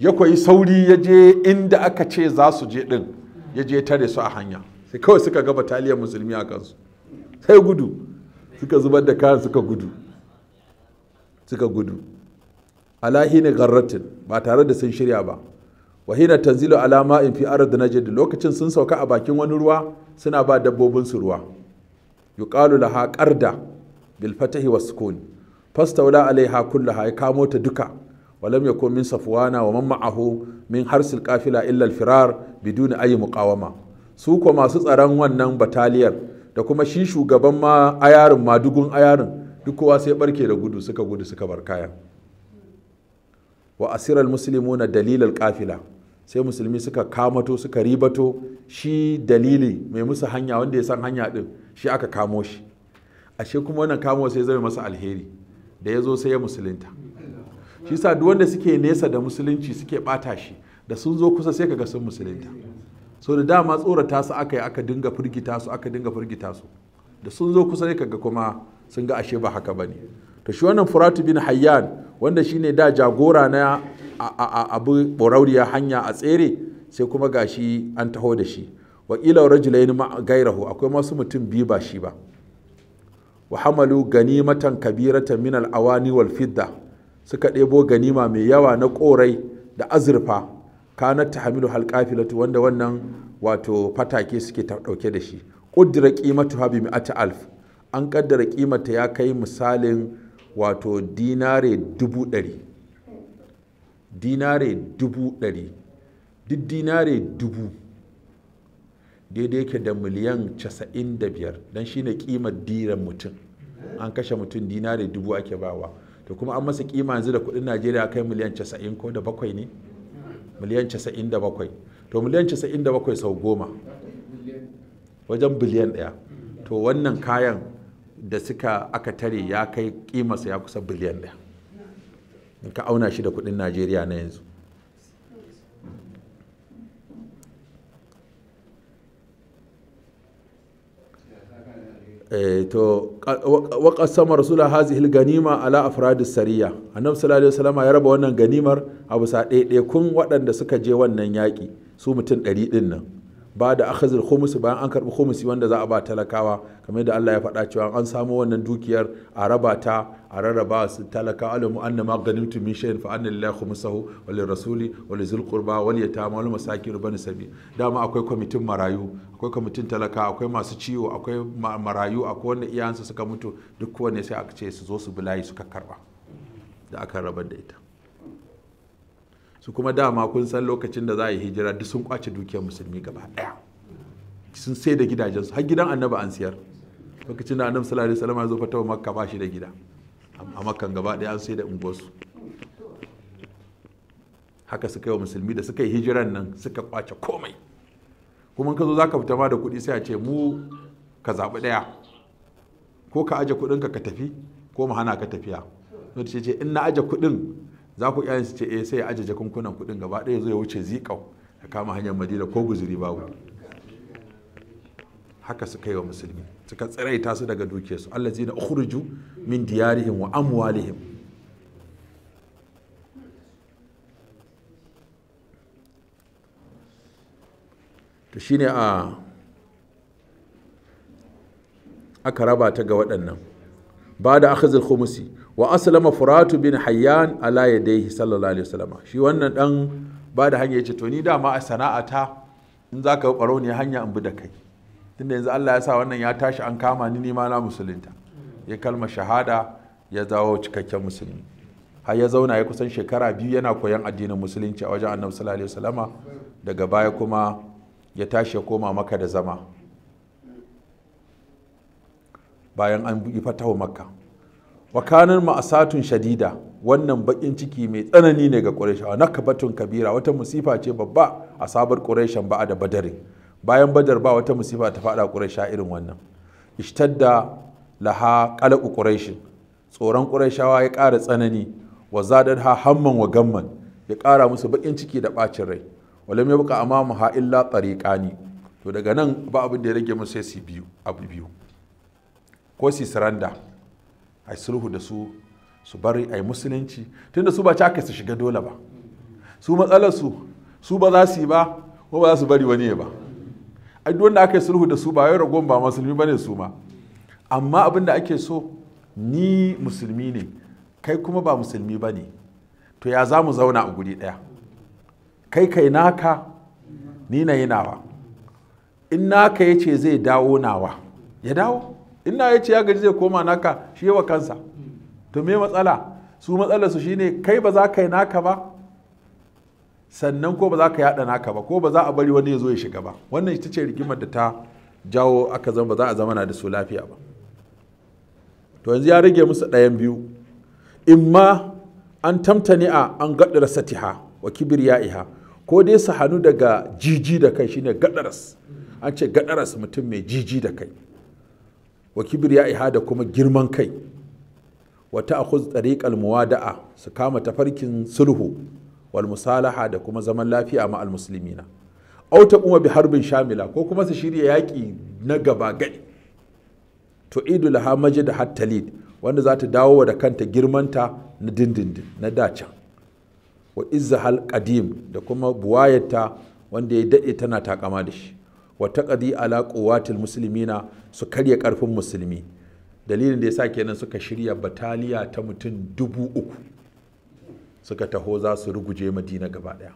ya koyi sauri ya je inda aka ce za su je din ya je tare su a hanya sai kawai suka ga bataliyar musulmi a kansu sai gudu suka zubar da kayan suka gudu suka gudu alahina garratin ba tare da sun shirya ba wahina tanzilu alama in fi arad najd lokacin sun sauka a bakin wani ruwa suna ba dabbobin su ruwa yuqalu laha qarda bil fatahi was fastaula alaiha kullaha ya kamo ta duka walam yakun min safwana wa man ma'ahu min harsil qafila illa al-firar biduni ayi muqawama su ko masu tsaron wannan bataliyar da kuma shi shugaban ma ayarin madugun ayarin duk kowa sai barke da gudu suka gudu suka bar kaya wa asiral muslimuna dalilin qafila sai musulmi suka kamato suka ribato shi dalili mai musu hanya wanda ya san hanya din shi aka kamo shi ashe kuma wannan kamo sai zai masa alheri da ya zo sai ya musulunta shi sa duk wanda suke nesa da musulunci suke bata shi da sun zo kusa sai kaga sun musulunta so da dama tsorata su aka yi aka dinga firgita su aka dinga firgita su da sun zo kusa sai kaga kuma sun ga ashe ba haka bane to shi wannan Furatu bin Hayyan wanda shine da jagora na abu borauriya hanya a tsere sai kuma gashi an taho da shi wakila rajulain ma gairahu akwai masu mutum biyu ba shi ba wa hamalu ganimatan kabiratan min al wal fidda suka ɗebo ganima mai yawa na ƙorai da azurfa kanat tahmilu halqafilatu wanda wannan wato fatake suke ta ɗauke da shi ƙuddira ƙimatu habi mi'ata alf an ƙaddara ƙimata ya kai misalin wato dinare dubu ɗari dinare dubu ɗari duk dinare dubu daidai yake da miliyan 95 don ne kimar diran mutum an kashe mutum dina da dubu ake bawa to kuma an masa kima yanzu da kudin najeriya kai miliyan 90 ko da bakwai ne miliyan 97 to miliyan 97 sau goma wajen biliyan daya to wannan kayan da suka aka tare ya kai kimarsa ya kusa biliyan daya in ka auna shi da kudin najeriya na yanzu Eh, to wa qasama rasula ganima ala afrad sariya annabi sallallahu alaihi wasallam ya raba wannan ganimar a bisa ɗaiɗaikun waɗanda suka je wannan yaƙi su mutum ɗari ɗin nan ba da akhazul musu bayan an karbi khumusi wanda za a ba talakawa kamar da Allah ya faɗa cewa an samu wannan dukiyar a raba ta a rarraba su talaka alamu anna ma ganimtu min shay'in fa anna lillahi khumsahu wa lirrasuli wa lizil qurba wal yatama wal masakin bani sabi dama akwai kwamitin marayu akwai kwamitin talaka akwai masu ciwo akwai marayu akwai wanda iyayensu suka mutu duk kowanne sai aka ce su zo su bulayi suka karba da aka rabar da ita su kuma dama kun san lokacin da za a yi hijira duk sun kwace dukiyar musulmi gaba daya sun sai da gidajensu har gidan annabi an siyar lokacin da annabi sallallahu alaihi wasallam ya zo fatawa makka ba shi da gida a makkan gaba daya an sai da unguwarsu haka suka yi wa musulmi da suka yi hijiran nan suka kwace komai kuma ka zo za fita ma da kuɗi sai a ce mu ka zaɓi ɗaya ko ka aje kuɗinka ka tafi ko mu hana ka tafiya ce in na aje kuɗin za ku iyayen su ce eh sai ya ajiye jakunkunan kuɗin gaba ɗaya zai wuce zikau ya kama hanyar madina ko guzuri babu haka su yi wa musulmi suka tsiraita su daga dukiyarsu allazina ukhruju min diyarihim wa amwalihim to shine a aka raba ta ga waɗannan ba da akhazul khumusi wa aslama furatu bin hayyan ala yadayhi sallallahu alaihi wasallam shi wannan dan ba da hanya yace to ni dama a ta in zaka baro ne hanya in bi da kai tunda yanzu Allah ya sa wannan ya tashi an kama ni ma na musulunta ya kalma shahada ya zawo cikakken musulmi har ya zauna ya kusan shekara biyu yana koyan addinin musulunci a wajen annabi sallallahu alaihi wasallama daga baya kuma ya tashi ya koma maka da zama bayan an yi fatawa makka wakanin ma'asatun shadida wannan bakin ciki mai tsanani ne ga ƙurashawa, na kabatun kabira wata musifa ce babba a sabar ƙureshan ba'a da badarin, bayan badar ba wata musifa ta faɗa ƙurasha irin wannan ishtar da laha ƙalaƙu ƙurashin, tsoron ƙurashawa ya ƙara tsanani wa zadar ha hamman wa gamman ya ƙara musu bakin ciki da ɓacin rai walam ya buka mu ha illa tsariƙani to daga nan ba abin da ya rage musu sai su biyu abu biyu ko su saranda a yi sulhu da su su bari a yi musulunci tunda su ba ci aka su shiga dole ba su matsalar su su ba za su yi ba ko ba za su bari wani ya ba a duk wanda aka yi sulhu da su ba yau ragon ba musulmi ba ne su ma amma abin da ake so ni musulmi ne kai kuma ba musulmi ba ne to ya za mu zauna a guri ɗaya kai kai naka ni na yi nawa in naka ya ce zai dawo nawa ya dawo ina ya ce ya gaji zai koma naka shi yawa kansa to me matsala su matsalar su shine kai ba za ka yi naka ba sannan ko ba za ka yada naka ba ko ba za a bari wani ya zo ya shiga ba wannan ita ce rigimar da ta jawo aka zama ba za a zama na da su lafiya ba to yanzu ya rage musu ɗayan biyu in ma an tamtani a an da satiha wa kibir ya iha ko dai su hannu daga jiji da kai shine gaɗaras. an ce gaɗaras mutum mai jiji da kai wa kibriya iha da kuma girman kai wa ta'khudh tariqal muwada'a su kama tafarkin sulhu wal musalaha da kuma zaman lafiya ma al muslimina aw kuma bi harbin shamila ko kuma su shirya yaƙi na gaba gadi to idu laha da hattalid wanda za ta dawo da kanta girmanta na dindindin na dacan wa hal da kuma buwayarta wanda ya daɗe tana taƙama da shi wa taqdi ala musulmi na su karya karfin musulmi dalilin da ya yasa kenan suka shirya bataliya ta mutum dubu uku suka taho za su ruguje madina gaba daya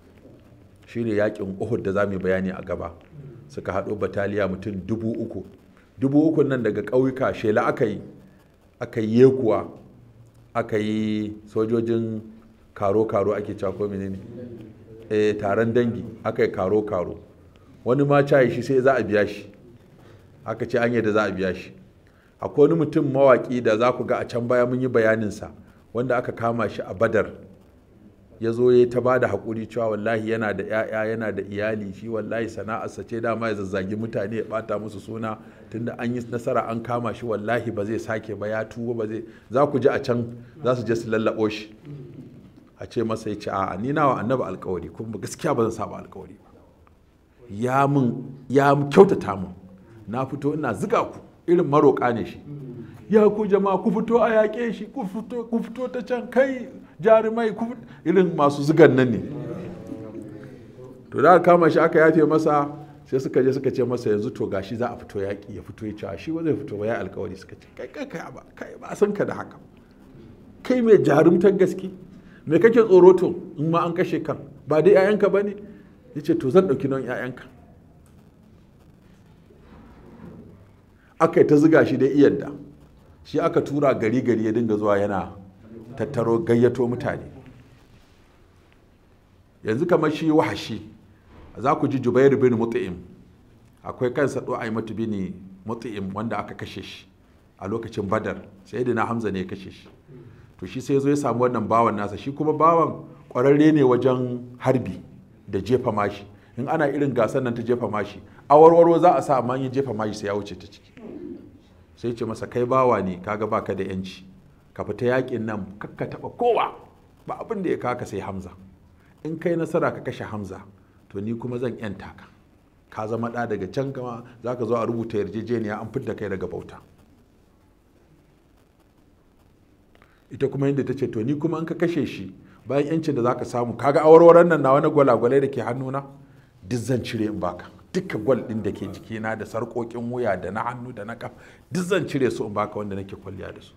ne yakin uhud da za yi bayani a gaba suka haɗo bataliya mutum dubu uku dubu uku nan daga ƙauyuka shela aka yi aka yi yekuwa aka yi sojojin karo-karo ake cako ne. eh taron dangi aka yi karo-karo wani ma cayi shi sai za a biya shi aka ce an yadda za a biya shi akwai wani mutum mawaƙi da za ku ga a can baya mun yi bayaninsa wanda aka kama shi a badar ya zo ya ta ba da haƙuri cewa wallahi yana da 'ya'ya yana da iyali shi wallahi sana'arsa ce dama ya zazzagi mutane ya ɓata musu suna tunda an yi nasara an kama shi wallahi ba zai sake ba ya tuwo ba zai za ku ji a can za su je su lallaɓo shi a ce masa ya ce a'a ni nawa annabi alƙawari kuma gaskiya ba zan saba alƙawari ba ya kyautata mun na fito ina ziga ku irin maroƙa ne shi ya ku jama'a ku fito a yaƙe shi ku fito ta can kai jarumai ku irin masu zigan nan ne to da kama shi aka yafe masa sai suka je suka ce masa yanzu to gashi za a fito yaƙi ya fito ya ci shi ba zai fito ba ya alkawari suka ce kai kai kai ba kai ba san ka da haka kai mai jarumtar gaske me kake tsoro to in ma an kashe kan ba dai 'ya'yanka ba ne ya ce to zan ɗauki nan 'ya'yanka aka yi ta ziga shi da iyadda shi aka tura gari gari ya dinga zuwa yana tattaro gayyato mutane yanzu kamar shi wahashi za ku ji jubairu bin mutu'im akwai kansa ɗo mutu bin mutu'im wanda aka kashe shi a lokacin badar sai na hamza ne ya kashe shi to shi sai zo ya samu wannan bawan nasa shi kuma bawan ƙwararre ne wajen harbi da jefa mashi in ana irin gasar nan ta jefa mashi awarwaro za a sa amma in jefa mashi sai ya wuce ta ciki sai ce masa kai bawa ne kaga baka da yanci ka fita yakin nan kakka taba kowa ba abin da ya kaka sai hamza in kai nasara ka kashe hamza to ni kuma zan yanta ka ka zama ɗa daga can kama za ka zo a rubuta yarjejeniya an fidda kai daga bauta ita kuma yadda ta ce to ni kuma in ka kashe shi bayan yancin da zaka samu kaga awarwaran nan na wani gwalagwale da ke hannuna duk zan cire in baka duka gwal din da ke jiki na da sarƙoƙin wuya da na hannu da na kaf duk zan cire su in baka wanda nake kwalliya da su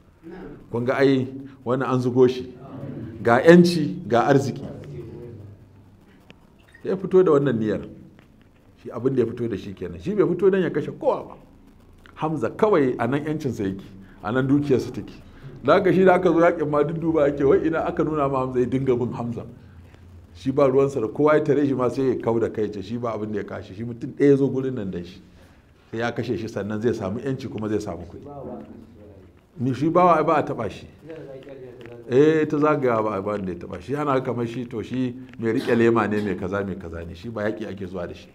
kun ga ai wani an zugo shi ga yanci ga arziki ya fito da wannan niyyar shi abin da ya fito da shi kenan shi bai fito don ya kashe kowa ba hamza kawai a nan yancinsa yake a nan dukiyarsa take da haka shi da aka zo yakin ma duk duba yake wai ina aka nuna ma hamza ya dinga bin hamza shi ba ruwansa da kowa ya tare shi ma sai ya kau da kai ce shi ba abin da ya kashe shi mutum ɗaya zo gurin nan da shi sai ya kashe shi sannan zai samu yanci kuma zai samu kuɗi ni shi bawa ba a taɓa shi eh ta zagaya ba ba da ya taɓa shi yana kamar shi to shi mai riƙe lema ne mai kaza mai kaza ne shi ba yaƙi ake zuwa da shi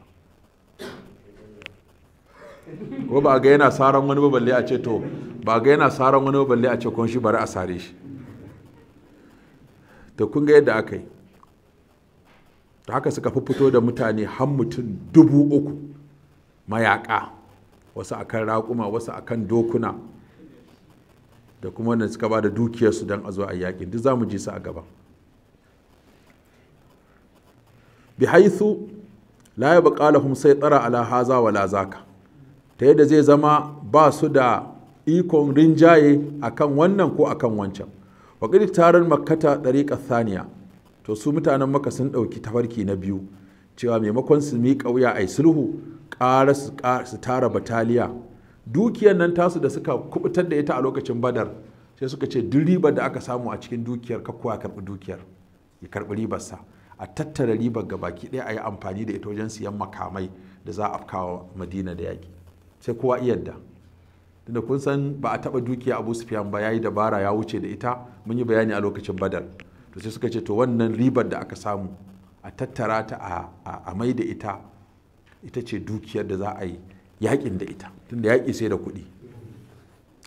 ko ba ga yana saran wani ba balle a ce to ba ga yana saran wani ba balle a ce kun shi bari a sare shi to kun ga yadda aka yi to haka suka fito da mutane har mutum dubu uku mayaka wasu akan raƙuma wasu akan dokuna da kuma wanda suka ba da dukiyarsu don a zo a duk za mu ji su a gaba bi haithu la ya baƙa sai tsara ala haza wa la ta yadda zai zama ba su da ikon rinjaye a kan wannan ko a kan wancan waƙil taron makata ɗariƙa saniya to su mutanen maka sun ɗauki tafarki na biyu cewa maimakon su miƙa wuya a sulhu ƙara su tara bataliya dukiyar nan tasu da suka kubutar da ita a lokacin badar sai suka ce duk ribar da aka samu a cikin dukiyar ka kowa karɓi dukiyar ya karɓi ribarsa a tattara ribar ga baki ɗaya a yi amfani da ita wajen siyan makamai da za a kawo madina da yaƙi sai kowa iyadda tunda kun san ba a taba dukiya abu sufiyan ba yayi dabara ya wuce da ita mun yi bayani a lokacin badar to sai suka ce to wannan ribar da aka samu a tattara ta a mai da ita ita ce dukiyar da za a yi yakin da ita tunda yaki sai da kuɗi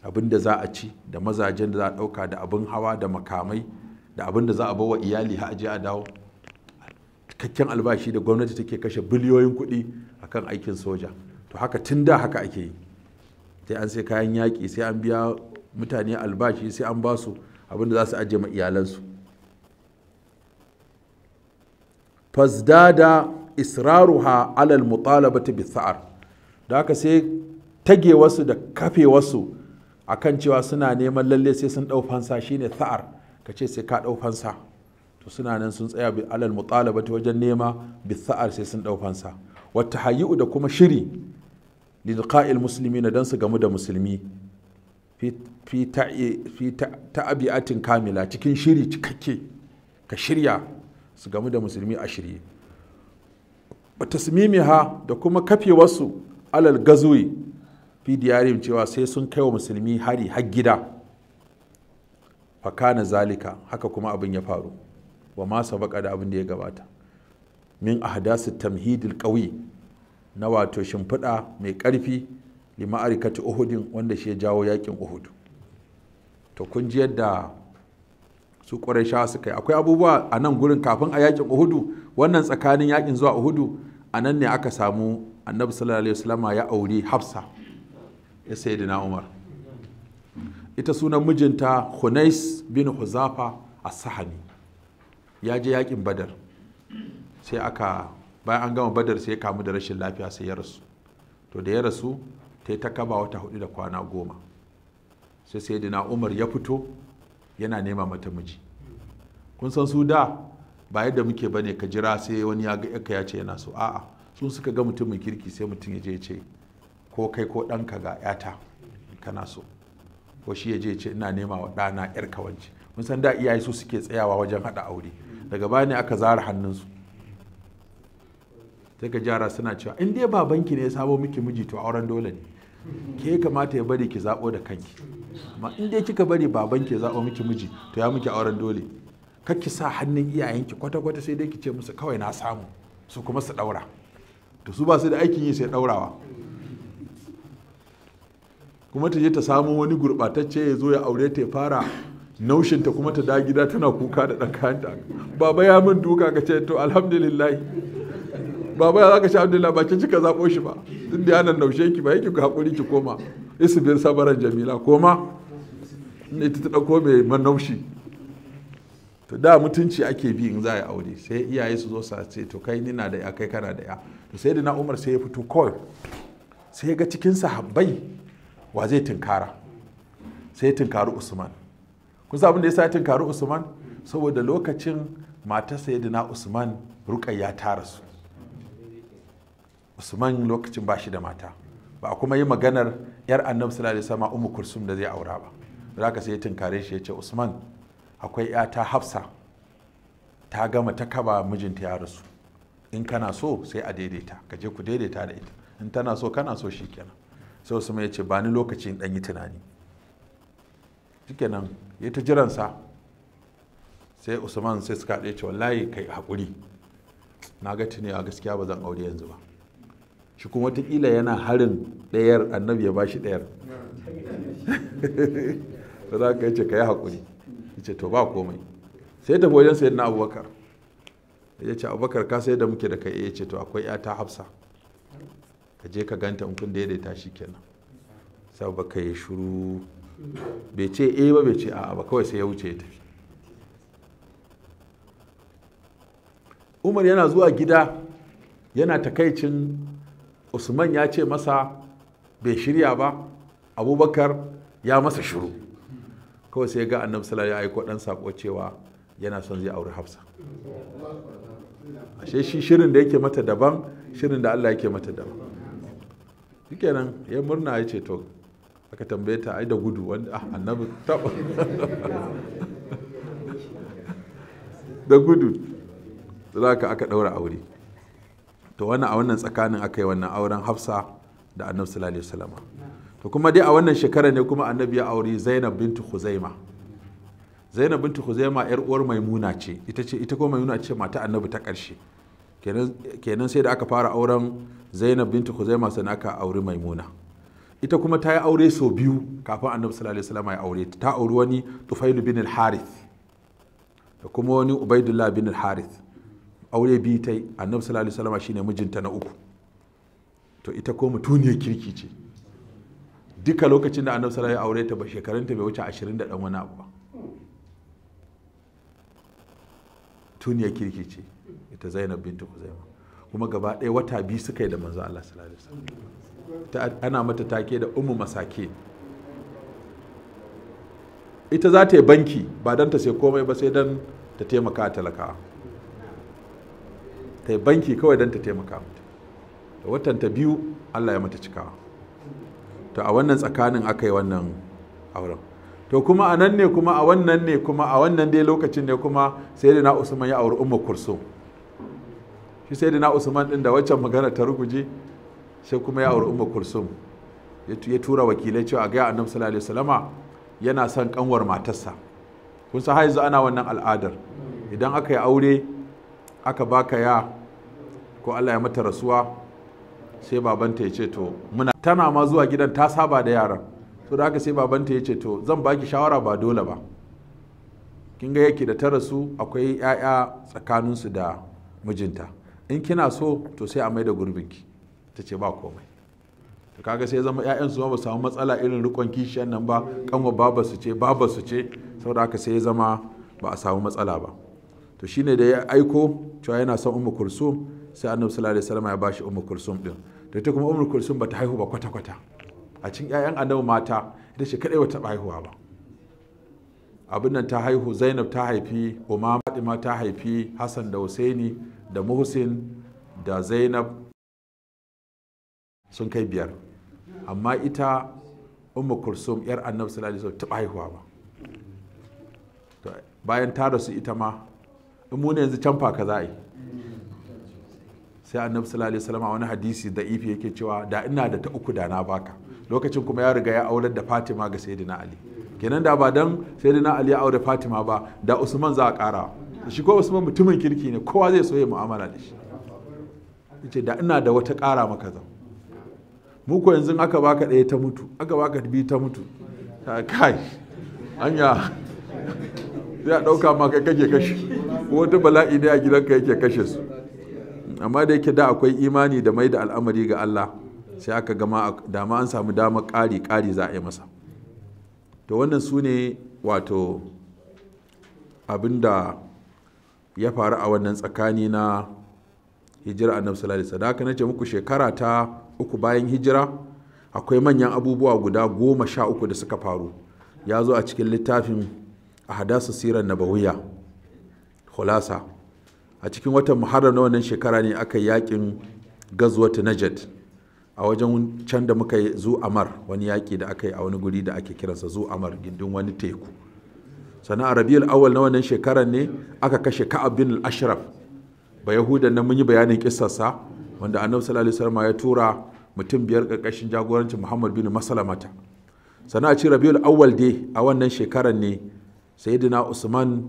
abin da za a ci da mazajen da za a ɗauka da abin hawa da makamai da abin da za a bawa iyali ha a dawo cikakken albashi da gwamnati take kashe biliyoyin kuɗi akan aikin soja to haka tun da haka ake yi sai an sai kayan yaƙi sai an biya mutane albashi sai an ba su da za su ajiye ma iyalansu fasdada israruha alal mutalabati bi sa'ar da haka sai tage wasu da kafe wasu akan cewa suna neman lalle sai sun dau fansa shine sa'ar ka ce sai ka dau fansa to suna nan sun tsaya bi alal mutalabati wajen nema bisa'ar sai sun dau fansa wata hayyu da kuma shiri lidqa'il muslimina dan su gamu da musulmi fi ta'abi'atin kamila cikin shiri cikakke ka shirya su gamu da musulmi a shirye wa tasmimiha da kuma kafe wasu, alal gazuwi fi diyarim cewa sai sun kai wa musulmi hari har gida fakana zalika haka kuma abin ya faru wa ma sabaka da abin da ya gabata min ahdasu tamhidil qawi na wato shimfiɗa mai ƙarfi ma'arikati uhudin wanda shi ya jawo yakin uhud to kun ji yadda su ƙurayshawa suka yi akwai abubuwa a nan gurin kafin a yakin uhudu wannan tsakanin yakin zuwa uhudu a nan ne aka samu annabi sallallahu alaihi wasallama ya auri hafsa ya sayi umar ita sunan mijinta hunais bin huzafa a sahani ya je yakin badar sai aka bayan an gama badar sai ya kamu da rashin lafiya sai ya rasu to da ya rasu ta yi ta kaba wata hudu da kwana goma sai sai dina umar ya fito yana nema mata miji kun san su da ba yadda muke ba ne ka jira sai wani ya ga ya ce yana so a'a sun suka ga mutumin kirki sai mutum ya je ce ko kai ko ɗanka ga yata kana so ko shi ya je ce ina nema wa ɗana yar kawanci mun san da iyaye su suke tsayawa wajen haɗa aure daga baya ne aka zara hannunsu sai ka jara suna cewa in dai babanki ne ya sabo miki miji to auren dole ne ke kamata ya bari ki zaɓo da kanki amma in dai kika bari babanki ya zabo miki miji to ya miki auren dole kar ki sa hannun iyayenki kwata-kwata sai dai ki ce musu kawai na samu su kuma su ɗaura to su ba su da aikin yi sai ɗaurawa kuma ta je ta samu wani gurɓatacce ya zo ya aure ta ya fara naushinta kuma ta da gida tana kuka da ɗan kayanta baba ya min duka ka ce to alhamdulillah baba za ka sha abdullahi ba cika zabo shi ba Tun da nan naushe ki ba yake ku haƙuri ki koma isbir sabaran jamila koma ne ta ko mai manaushi to da mutunci ake bi in za a yi aure sai iyaye su zo su ce to kai nina da ya kai kana da ya to sai da na umar sai ya fito kawai sai ya ga cikin sahabbai wa zai tunkara sai ya tunkari usman kun sa abin da ya sa ya tunkari usman saboda lokacin matarsa da na usman rukayya ta rasu usman lokacin bashi da mata ba a kuma yi maganar yar annabi sallallahu alaihi wasallam ummu kursum da zai aura ba zaka sai ya tinkare shi ya ce usman akwai yata hafsa ta gama ta kaba mijinta ya rasu in kana so sai a daidaita ka je ku daidaita da ita in tana so kana so shikenan sai usman ya ce ba ni lokacin dan yi tunani shikenan ya ta jiransa sai usman sai suka ce wallahi kai hakuri na ga tuni a gaskiya ba zan aure yanzu ba shi kuma watakila yana harin ɗayar annabi ya ba shi ɗayar ba za ka yace ka yi haƙuri ya ce to ba komai sai tafi wajen sayar na abubakar ya ce abubakar ka sai da muke da kai ya ce to akwai ya ta hafsa ka je ka ganta in kun daidaita shi kenan sai ka yi shuru bai ce eh ba bai ce a'a ba kawai sai ya wuce ya tafi umar yana zuwa gida yana takaicin usman ya ce masa bai shirya ba abubakar ya masa shiru kawai sai ga annabi sallallahu ya aiko dan sako cewa yana son zai auri hafsa ashe shi shirin da yake mata daban shirin da Allah yake mata daban shikenan ya murna ya ce to aka tambaye ta ai da gudu wanda ah annabi taba da gudu ka aka daura aure to wannan a wannan tsakanin aka yi wannan auren hafsa da annabi sallallahu alaihi to kuma dai a wannan shekara ne kuma annabi ya auri zainab bintu khuzaima zainab bintu khuzaima yar uwar maimuna ce ita ce ita ko maimuna ce mata annabi ta karshe kenan sai da aka fara auren zainab bintu khuzaima sai aka auri maimuna ita kuma ta yi aure sau biyu kafin annabi sallallahu alaihi wasallam ya aure ta auri wani tufailu bin al-harith da kuma wani ubaidullah bin al-harith aure biyu ta yi annabi sallallahu alaihi wasallam shine mijinta na uku to ita ko mutuniyar kirki ce duka lokacin da annabi sallallahu alaihi aure ta ba ta bai wuce 20 da dan wani abu ba tuniyar kirki ce ita Zainab bintu Khuzaimah kuma gaba ɗaya wata biyu suka yi da manzo Allah sallallahu alaihi wasallam ana mata take da ummu masake ita za ta yi banki ba don ta sai komai ba sai don ta taimaka talakawa ta yi banki kawai don ta taimaka mata da watan ta biyu allah ya mata cikawa to a wannan tsakanin aka yi wannan auren to kuma a nan ne kuma a wannan ne kuma a wannan dai lokacin ne kuma sai da na usman ya auri umar kurso shi sai da na usman din da waccan magana ta ruguje sai kuma ya auri umar kurso ya tura wakilai cewa ga annabi sallallahu alaihi wasallama yana son kanwar matarsa kun san haizu ana wannan al'adar idan aka yi aure aka baka ya ko Allah ya mata rasuwa sai babanta ya ce to muna tana ma zuwa gidan ta saba da yaran to da haka sai babanta ya ce to zan baki shawara ba dole ba kin ga yake da ta rasu akwai 'ya'ya tsakaninsu da mijinta in kina so to sai a mai da gurbinki ta ce ba komai to kaga sai zama 'ya'yan su ba samu matsala irin rikon kishiyan nan ba kanwa baba su ce baba su ce saboda haka sai ya zama ba a samu matsala ba to shine da ya aiko cewa yana son ummu kursum sai annabi sallallahu alaihi wasallam ya bashi ummu kursum din da ta kuma ummu kursum bata haihu ba kwata kwata a cikin ƴaƴan annabi mata ita ce kadai wata haihuwa ba abin nan ta haihu Zainab ta haifi Umama ma ta haifi Hassan da Husaini da Muhsin da Zainab sun kai biyar amma ita ummu kursum yar annabi sallallahu alaihi wasallam ta haihuwa ba bayan ta rasu ita ma in mu ne yanzu canfa ka za'a yi sai annabi sallallahu alaihi wasallam a wani hadisi da ifi yake cewa da ina da ta uku da na baka lokacin kuma ya riga ya aurar da Fatima ga sayyidina Ali kenan da ba dan sayyidina Ali ya aure Fatima ba da Usman za a kara shi ko Usman mutumin kirki ne kowa zai so ya mu'amala da shi yace da ina da wata kara maka zan mu ko yanzu aka baka ɗaya ta mutu aka baka biyu ta mutu kai anya ya a ɗauka ma kai kake kashe wata bala'i ne a gidanka yake kashe su amma da yake da akwai imani da mai da al'amari ga Allah sai aka gama dama an samu dama ƙari ƙari za a yi masa to wannan su ne wato abin da ya faru a wannan tsakani na hijira annabi sallallahu alaihi wasallam na ce muku shekara ta uku bayan hijira akwai manyan abubuwa guda goma sha uku da suka faru ya zo a cikin littafin a hadasa sirar nabawiya Hulasa. a cikin watan muharram na wannan shekara ne aka yi yakin gazwatu najad a wajen can da muka yi zu amar wani yaƙi da aka yi a wani guri da ake kiransa zu amar gindin wani teku sannan a rabiul awal na wannan shekarar ne aka kashe ka'ab bin al-ashraf ba yahudan nan mun yi bayanin kissarsa wanda annabi sallallahu alaihi wasallam ya tura mutum biyar karkashin jagorancin muhammad bin masalamata sannan a ci rabiul awal dai a wannan shekarar ne sayyidina usman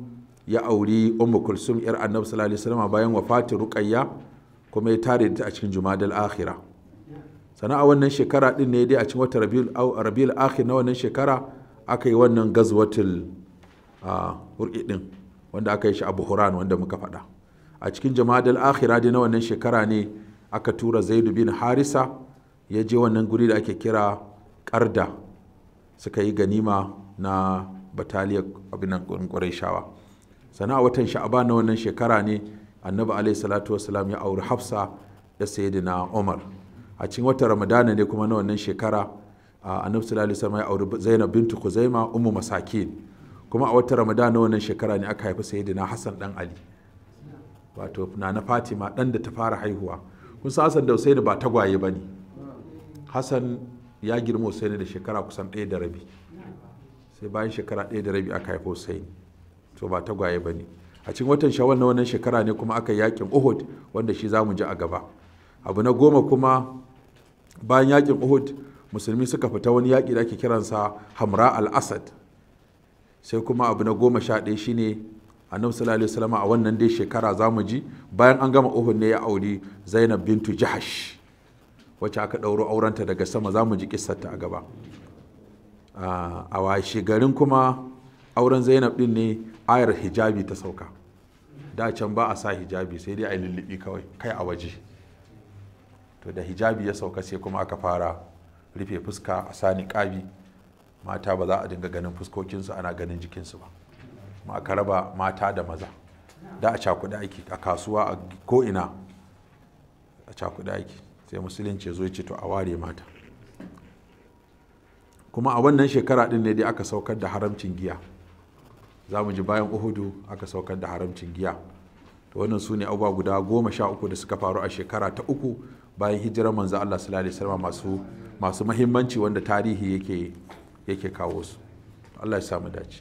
ya auri ummu kulsum yar annabi sallallahu alaihi wasallam bayan wafatin ruqayya kuma ya tare da ta a cikin jumadal akhira sana a wannan shekara din ne dai a cikin wata rabiul akhir na wannan shekara aka yi wannan gazwatul hur'i din wanda aka yi shi a buhuran wanda muka faɗa a cikin jumadal akhira dai na wannan shekara ne aka tura zaid bin harisa ya je wannan guri da ake kira karda suka yi ganima na bataliyar abinan ƙwarishawa sana watan sha'aba na wannan shekara ne annabi alayhi salatu wasalam ya auri hafsa da sayyidina umar a cikin watan ramadana ne kuma na wannan shekara annabi sallallahu alaihi ya auri zainab bintu kuzaima ummu masakin kuma a watan ramadana na wannan shekara ne aka haifi sayyidina hassan dan ali wato na na fatima dan da ta fara haihuwa kun san hassan da husaini ba tagwaye bane hassan ya girma husaini da shekara kusan ɗaya da rabi sai bayan shekara ɗaya da rabi aka haifo sai. to ba tagwaye ba ne a cikin watan shawar na wannan shekara ne kuma aka yakin Uhud wanda shi za mu ji a gaba abu na goma kuma bayan yakin Uhud musulmi suka fita wani yaƙi da ake kiransa Hamra al-Asad sai kuma abu na goma sha ɗaya shine annabi sallallahu alaihi wasallam a wannan dai shekara za mu ji bayan an gama Uhud ne ya auri Zainab bintu Jahash wacce aka ɗauro aurenta daga sama za mu ji kissarta a gaba a washe garin kuma auren zainab din ne ayar hijabi ta sauka da can ba a sa hijabi sai dai a lullubi kawai kai a waje to da hijabi ya sauka sai kuma aka fara rufe fuska a sa niƙabi mata ba za a dinga ganin fuskokinsu ana ganin jikinsu ba ma ka raba mata da maza da a cakuɗa aiki a kasuwa a ko'ina a cakuɗa aiki sai musulunci zo ya ce to a ware mata kuma a wannan shekara ɗin ne dai aka saukar da haramcin giya za mu ji bayan uhudu aka saukar da haramcin giya to wannan su ne abubuwa guda goma sha uku da suka faru a shekara ta uku bayan hijirar manzo Allah sallallahu alaihi masu mahimmanci wanda tarihi yake yake kawo su Allah ya samu dace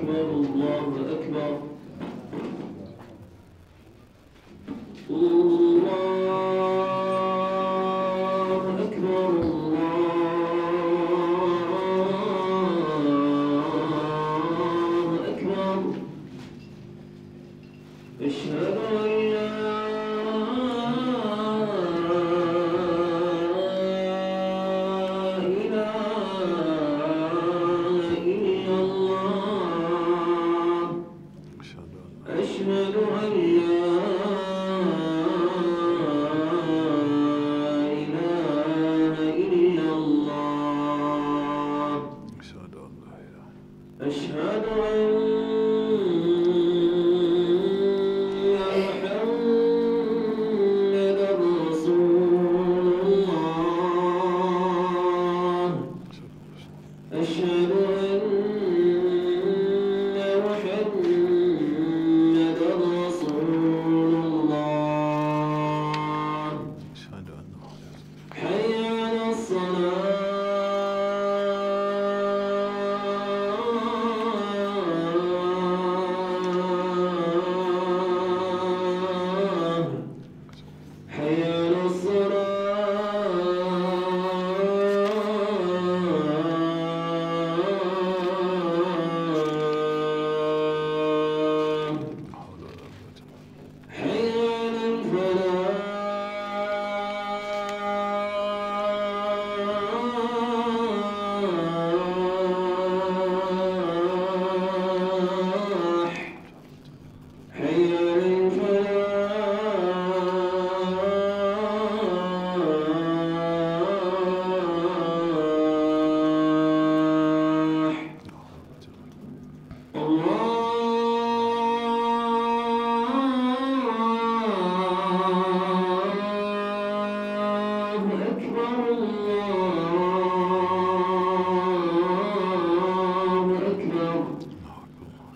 أكبر الله أكبر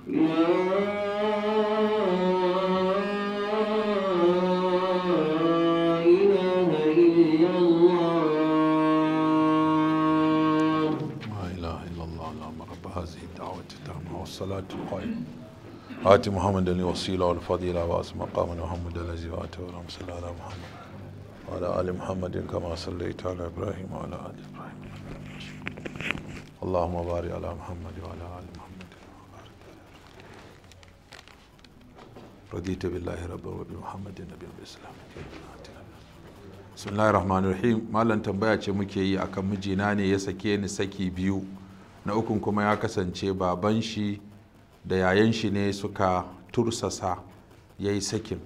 آتي محمد آت محمدا الوسيلة والفضيلة وأس مقاما محمد الذي وآته اللهم صل على محمد وعلى آل محمد كما صليت على إبراهيم وعلى آل إبراهيم اللهم بارك على محمد وعلى آل محمد رضيت بالله ربا وبمحمد النبي الاسلام bismillahir rahmanir rahim malam tambaya ce muke yi akan mijina ne ya sake ni saki biyu na ukun kuma ya kasance baban shi da yayan shi ne suka tursasa ya yi sakin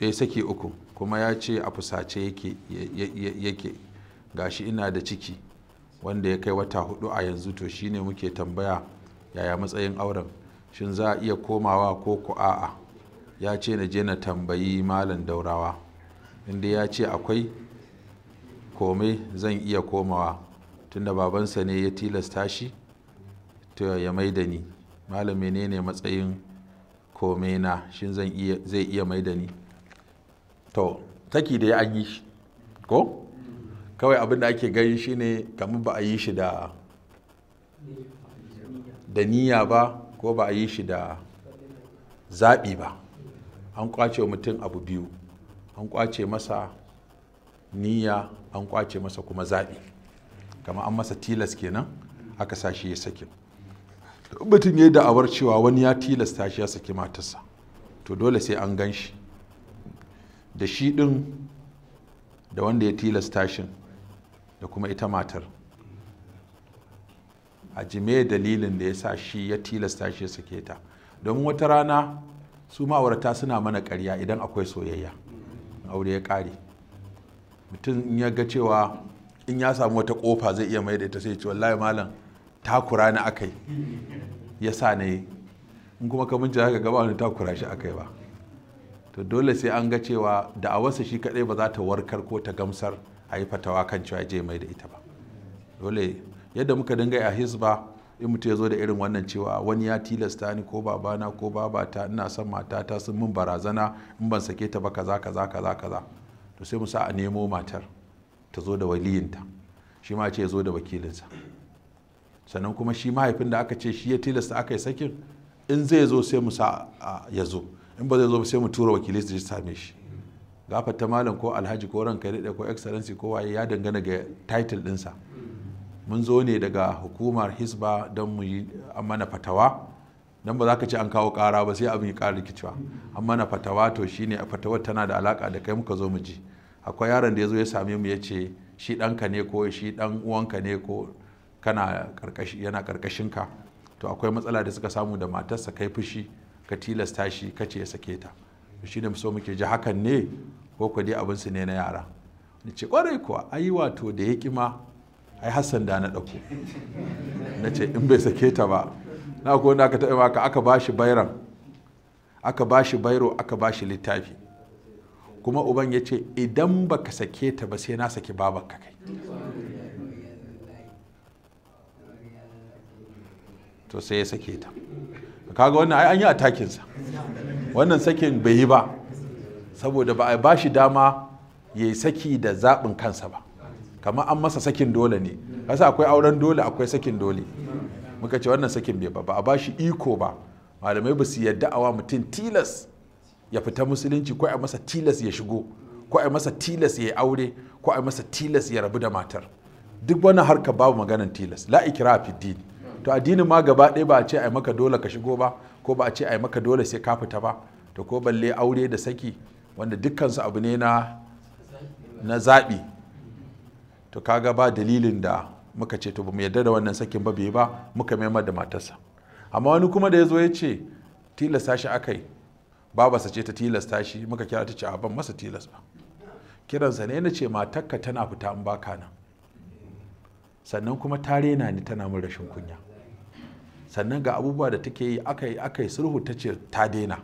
ya yi saki uku kuma ya ce a fusace yake gashi ina da ciki wanda ya kai wata hudu a yanzu to shine muke tambaya yaya matsayin auren shin za a iya komawa ko ku a'a ya ce na je na tambayi malam daurawa inda ya ce akwai komai zan iya komawa tunda babansa ne ya tilasta shi to ya maida ni malam menene matsayin kome na shin zai iya zai iya ni to taki da ya an yi shi ko kawai abin da ake gani shine kamar ba a yi shi da niyya ba ko ba a yi shi da zaɓi ba an kwace mutum abu biyu an kwace masa niyya an kwace masa kuma zaɓi kama an masa tilas kenan aka sa shi ya sake mutum ya yi da'awar cewa wani ya tilasta shi ya saki matarsa to dole sai an gan shi da shi ɗin da wanda ya tilasta shi da kuma ita matar a jime dalilin da ya sa shi ya tilasta shi sake ta domin wata rana su ma'aurata suna mana karya idan akwai soyayya aure ya ƙare mutum ya ga cewa in ya samu wata ƙofa zai iya mai da ita sai ce wallahi malam takura na akai ya sa na yi in kuma ka mince haka gaba wani takura shi akai ba to dole sai an ga cewa da a wasa shi kaɗai ba za ta warkar ko ta gamsar a yi fatawa kan cewa ya je mai da ita ba dole yadda muka dinga a hisba in mutu ya zo da irin wannan cewa wani ya tilasta ni ko babana ko babata ina son matata sun min barazana in ban sake ta ba kaza kaza kaza kaza to sai mu sa a nemo matar ta zo da waliyinta shi ma ce ya zo da wakilinsa sannan kuma shi mahaifin da aka ce shi ya tilasta aka yi sakin in zai zo sai mu sa ya zo in ba zai zo sai mu tura wakilin su same shi gafata malam ko alhaji ko ranka daɗe ko excellency ko waye ya dangana ga title ɗinsa. mun zo ne daga hukumar hisba don mu yi mana fatawa don ba za ka ce an kawo kara ba sai abin ya kara rikicewa an mana fatawa to shine ne fatawa tana da alaka da kai muka zo mu ji akwai yaron da ya zo ya same mu ya ce shi ɗanka ne ko shi ɗan uwanka ne ko kana yana ka to akwai matsala da suka samu da matarsa kai fushi ka tilasta shi ka ce ya sake ta shi ne so muke ji hakan ne ko ku dai abin su ne na yara ni ce kwarai kuwa ayi wato da ya kima ai hassan da na ɗauko na ce in bai sake ta ba na ko wanda aka taɓa maka aka ba shi bairan aka ba shi bairo aka ba shi littafi kuma uban ya ce idan ba ka sake ta ba sai na saki babanka kai to sai ya sake ta kaga wannan ai an yi a takinsa. wannan sakin bai yi ba saboda ba a ba shi dama ya yi saki da zaɓin kansa ba kamar an masa sakin dole ne kasa akwai auren dole akwai sakin dole muka ce wannan sakin bai ba ba a shi iko ba malamai ba su yadda awa mutum tilas ya fita musulunci ko a masa tilas ya shigo ko a masa tilas ya yi aure ko a masa tilas ya rabu da matar duk wani harka babu maganan tilas la ikira fi din to addinin ma gaba ɗaya ba a ce a maka dole ka shigo ba ko ba a ce a maka dole sai ka fita ba to ko balle aure da saki wanda dukkansu abu ne na na zaɓi to kaga ba dalilin da muka ce to ba mu yarda da wannan sakin ba bai ba muka maimar da matarsa amma wani kuma da ya zo ya ce tilasta shi akai babarsa ce ta tilasta shi muka kira ta ce a ban masa tilas ba kiransa ne na ce matakka tana fita in ba nan sannan kuma ta rena ni tana min rashin kunya sannan ga abubuwa da take yi aka yi aka yi sulhu ta ce ta daina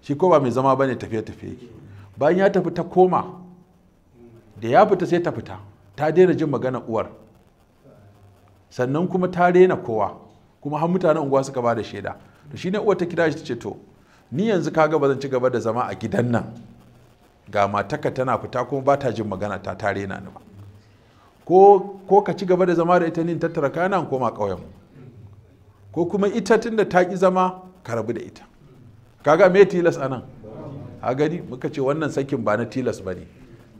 shi ko ba mai zama ba ne tafiye-tafiye bayan ya tafi ta koma da ya fita sai ta fita ta daina jin magana uwar sannan kuma ta daina kowa kuma har mutanen unguwa suka ba da shaida to shine uwar ta kira shi ta ce to ni yanzu kaga ba zan ci gaba da zama a gidan nan ga mataka tana fita kuma ba ta jin magana ta tare na ni ba ko ka ci gaba da zama da ita ni tattara kana in koma ƙauyen ko kuma ita tunda ta ki zama ka rabu da ita kaga me tilas anan a gani muka ce wannan sakin ba na tilas ba ne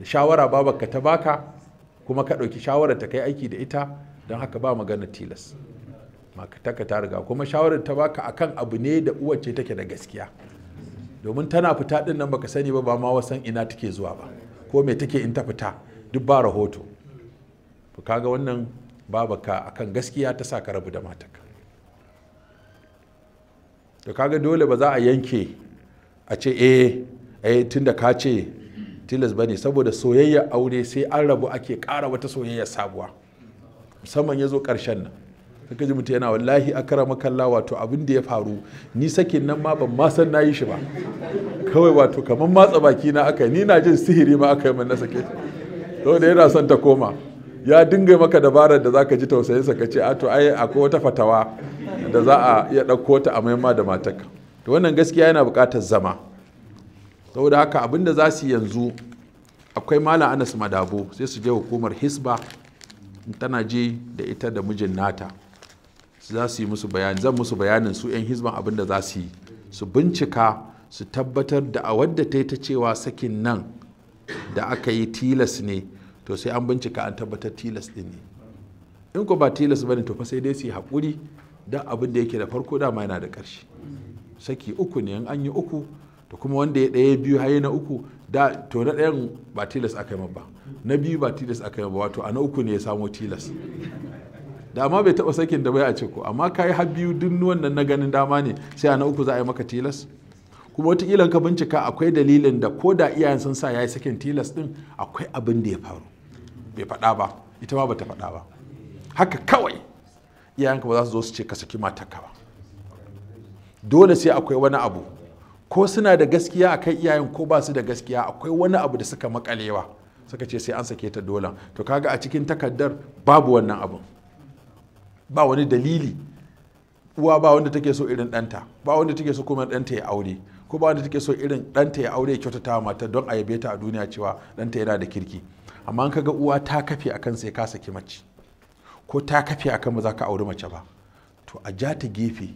shawara babarka ta baka kuma ka ɗauki shawarar ta kai aiki da ita don haka ba magana tilas taka ta riga kuma shawarar ta baka akan abu ne da uwace take da gaskiya domin tana fita din nan baka sani ba ba ma wasan ina take zuwa ba ko me take in ta fita duk ba rahoto kaga wannan babaka akan gaskiya ta sa ka rabu da mataka to kaga dole ba za a yanke a ce eh eh tunda ka ce tilas ba ne saboda soyayya aure sai an rabu ake kara wata soyayya sabuwa musamman ya zo karshen nan suka ji mutum yana wallahi akara makalla wato abin da ya faru ni sakin nan ma ban ma san yi shi ba kawai wato kamar matsa baki na aka ni na jin sihiri ma aka yi min na sake da yana son ta koma ya dinga maka dabarar da zaka ji tausayin sa ka ce a to ai akwai wata fatawa da za a iya ɗauko ta a maimma da matarka to wannan gaskiya yana bukatar zama saboda haka abinda za su yanzu akwai malam anas madabo sai su je hukumar hisba tana je da ita da mijin nata za su yi musu bayanin zan musu bayanin su 'yan hisban abinda za su yi su bincika su tabbatar da a wadda ta yi ta cewa sakin nan da aka yi tilas ne to sai an bincika an tabbatar tilas ɗin ne in ko ba tilas ba ne to fa sai dai su yi haƙuri don abin da yake da farko dama yana da ƙarshe saki uku ne in an yi uku da kuma wanda ya ɗaya biyu haye na uku da to na ɗayan ba tilas aka yi ba na biyu ba tilas aka yi ba wato a na uku ne ya samo tilas da amma bai taɓa sakin da bai a ce ko amma ka yi har biyu duk wannan na ganin dama ne sai a na uku za a yi maka tilas kuma wataƙila ka bincika akwai dalilin da ko da iyayen sun sa ya yi sakin tilas ɗin akwai abin da ya faru bai faɗa ba ita ma bata faɗa ba haka kawai iyayenka ba za su zo su ce ka saki matarka ba dole sai akwai wani abu ko suna da gaskiya a kai iyayen ko ba su da gaskiya akwai wani abu da suka makalewa suka ce sai an sake ta dolan to kaga a cikin takardar babu wannan abin ba wani dalili uwa ba wanda take so irin ɗanta ba wanda take so kuma ɗanta ya aure ko ba wanda take so irin ɗanta ya aure ya kyautata mata don a yabe ta a duniya cewa ɗanta yana da kirki amma an kaga uwa ta kafe akan sai ka saki mace ko ta kafe akan ba za ka auri mace ba to a ja ta gefe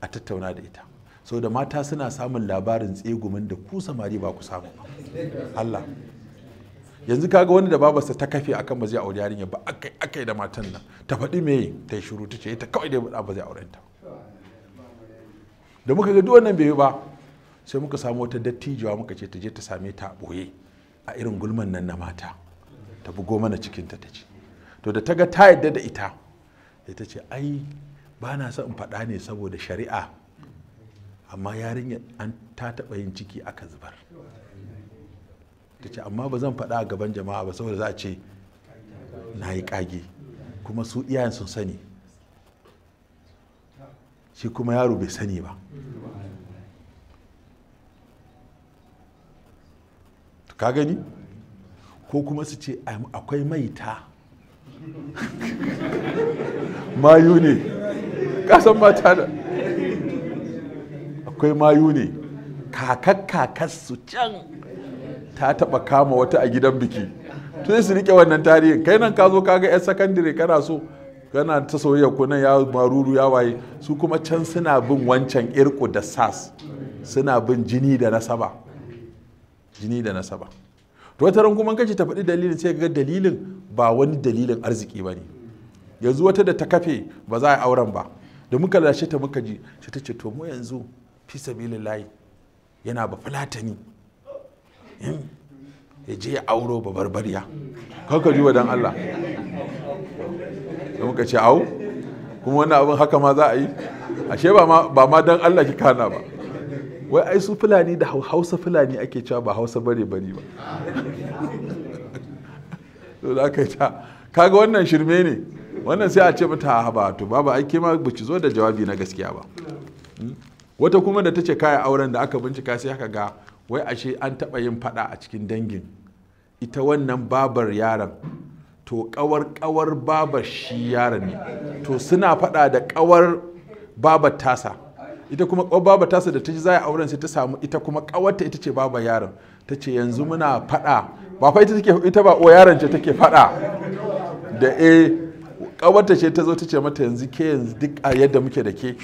a tattauna da ita Sau da mata suna samun labarin tsegumin da ku samari ba ku samu Allah yanzu kaga wani da babarsa ta kafe akan ba zai aure yarinya ba akai akai da matan nan ta faɗi me ta yi shiru ta ce ta kawai dai ba zai auren ta da muka ga duk wannan bai yi ba sai muka samu wata dattijuwa muka ce ta je ta same ta a ɓoye a irin gulman nan na mata ta bugo mana cikinta ta ce to da ta ga ta yadda da ita ita ce ai ba na son in faɗa ne saboda shari'a amma yarinyar an ta taɓa yin ciki aka zubar ta ce amma ba zan faɗa a gaban jama'a ba saboda za a ce na yi ƙage kuma su iyayen sun sani shi kuma yaro bai sani ba ka gani ko kuma su ce akwai maita mayu ne kasan mata da akwai mayu ne kakar kakar su can ta taba kama wata a gidan biki to su rike wannan tarihin kai nan ka zo ka ga yan sakandare kana so kana ta soyayya ko nan ya maruru ya waye su kuma can suna bin wancan irko da sas suna bin jini da nasaba jini da nasaba to wata ran kuma ce ta faɗi dalilin sai ga dalilin ba wani dalilin arziki ba ne yanzu wata da ta kafe ba za a auren ba da muka lashe ta muka ji ta ce to mu yanzu fi layi yana ba fulatani hmm. ya je ya auro ba barbariya kaka ji dan Allah da muka ce au kuma wani abin haka ma za a yi ashe ba ma dan Allah ki kana ba wai ai su fulani da hausa fulani ake cewa ba hausa bare bari ba to da aka ta kaga wannan shirme ne wannan sai a ce mata ba to ba ba ai ke ma zo da jawabi na gaskiya ba hmm. wata kuma da ta ce kaya auren da aka bincika sai haka ga wai ashe an taɓa yin faɗa a cikin dangin ita wannan babar yaron to kawar kawar babar shi yaron ne to suna faɗa da kawar babar tasa ita kuma kawar babar tasa da ta ji zai auren sai ta samu ita kuma kawarta ita ce babar yaron ta ce yanzu muna faɗa ba fa ita take ita ba o yaron ce take faɗa da eh kawarta ce ta zo ta ce mata yanzu ke yanzu duk a yadda muke da ke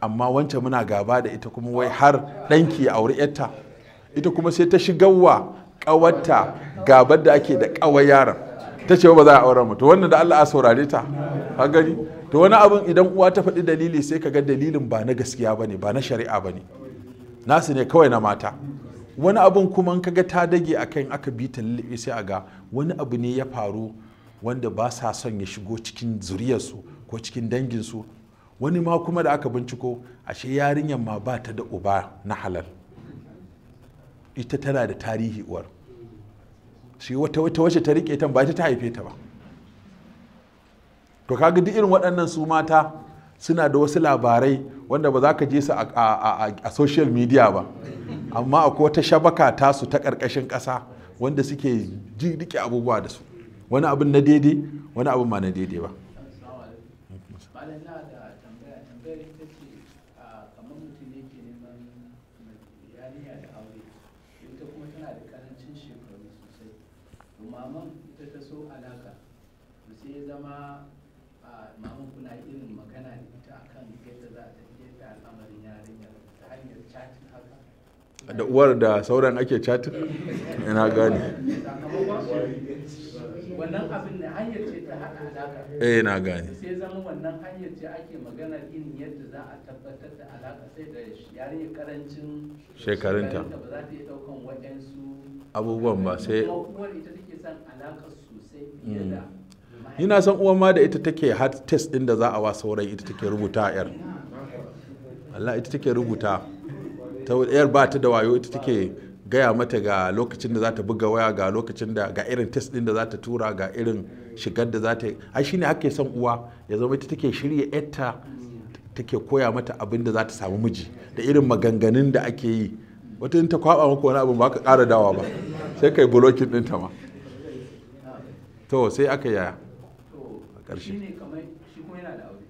amma wancan muna gaba da ita kuma wai har ɗanki a auri yarta ita kuma sai ta shiga wa ƙawarta gabar da ake da ƙawar yaron ta ce ba za a auren mutu wannan da Allah a saurare ta ha gani to wani abin idan uwa ta faɗi dalili sai ka ga dalilin ba na gaskiya ba ne, ba na shari'a ba ne. nasu ne kawai na mata wani abin kuma ka ga ta dage akan aka bi ta lulluɓe sai a ga wani abu ne ya faru wanda ba sa son ya shigo cikin zuriyarsu ko cikin danginsu wani ma kuma da aka binciko ashe yarinyar ma ba ta da uba na halal ita tana da tarihi uwar shi wata wata wacce ta rike ta ba ta haife ta ba to kaga duk irin waɗannan su mata suna da wasu labarai wanda ba za ka je su a social media ba amma akwai wata shabaka su ta ƙarƙashin ƙasa wanda suke ji abubuwa da su wani abin na daidai wani abin ma na daidai ba zama mamun kuna irin magana da ita akan yadda za a tafiye da al'amarin yarinyar ta hanyar chatin haka da uwar da sauran ake chatin yana eh, gane wannan abin da hanyar ce ta haɗa alaƙa eh na gane sai zama wannan hanyar ce ake magana irin yadda za a tabbatar da alaka sai da yarinyar karancin shekarunta ba za ta iya ɗaukan waɗansu abubuwan ba sai uwar ita take son alaƙa sosai fiye da mm. yana san uwa ma da ita take hard test ɗin da za a wa sauran ita take rubuta a yar Allah ita take rubuta ta yar ba ta da wayo ita take gaya mata ga lokacin da za ta buga waya ga lokacin da ga irin test din da za ta tura ga irin shigar da za ta ai shine ake son uwa ya zama ita take shirya yarta take koya mata abin da za ta samu miji da irin maganganun da ake yi wata ta kwaba maka wani abin ba ka ƙara dawa ba sai kai blocking ta ma to sai aka yaya karshe shine kamar shi kuma yana da aure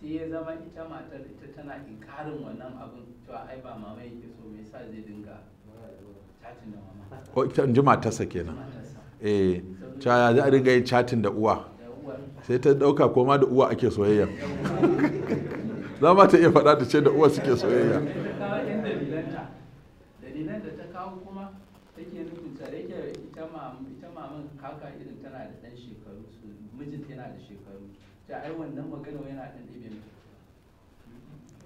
sai ya zama ita matar ita tana inkarin wannan abin cewa ai ba mama yake so me yasa zai dinga chatin da mama ko ita in ji matarsa kenan eh cha za a dinga yin chatin da uwa sai ta dauka koma da uwa ake soyayya za ma ta iya faɗa ta ce da uwa suke soyayya dalilan da ta kawo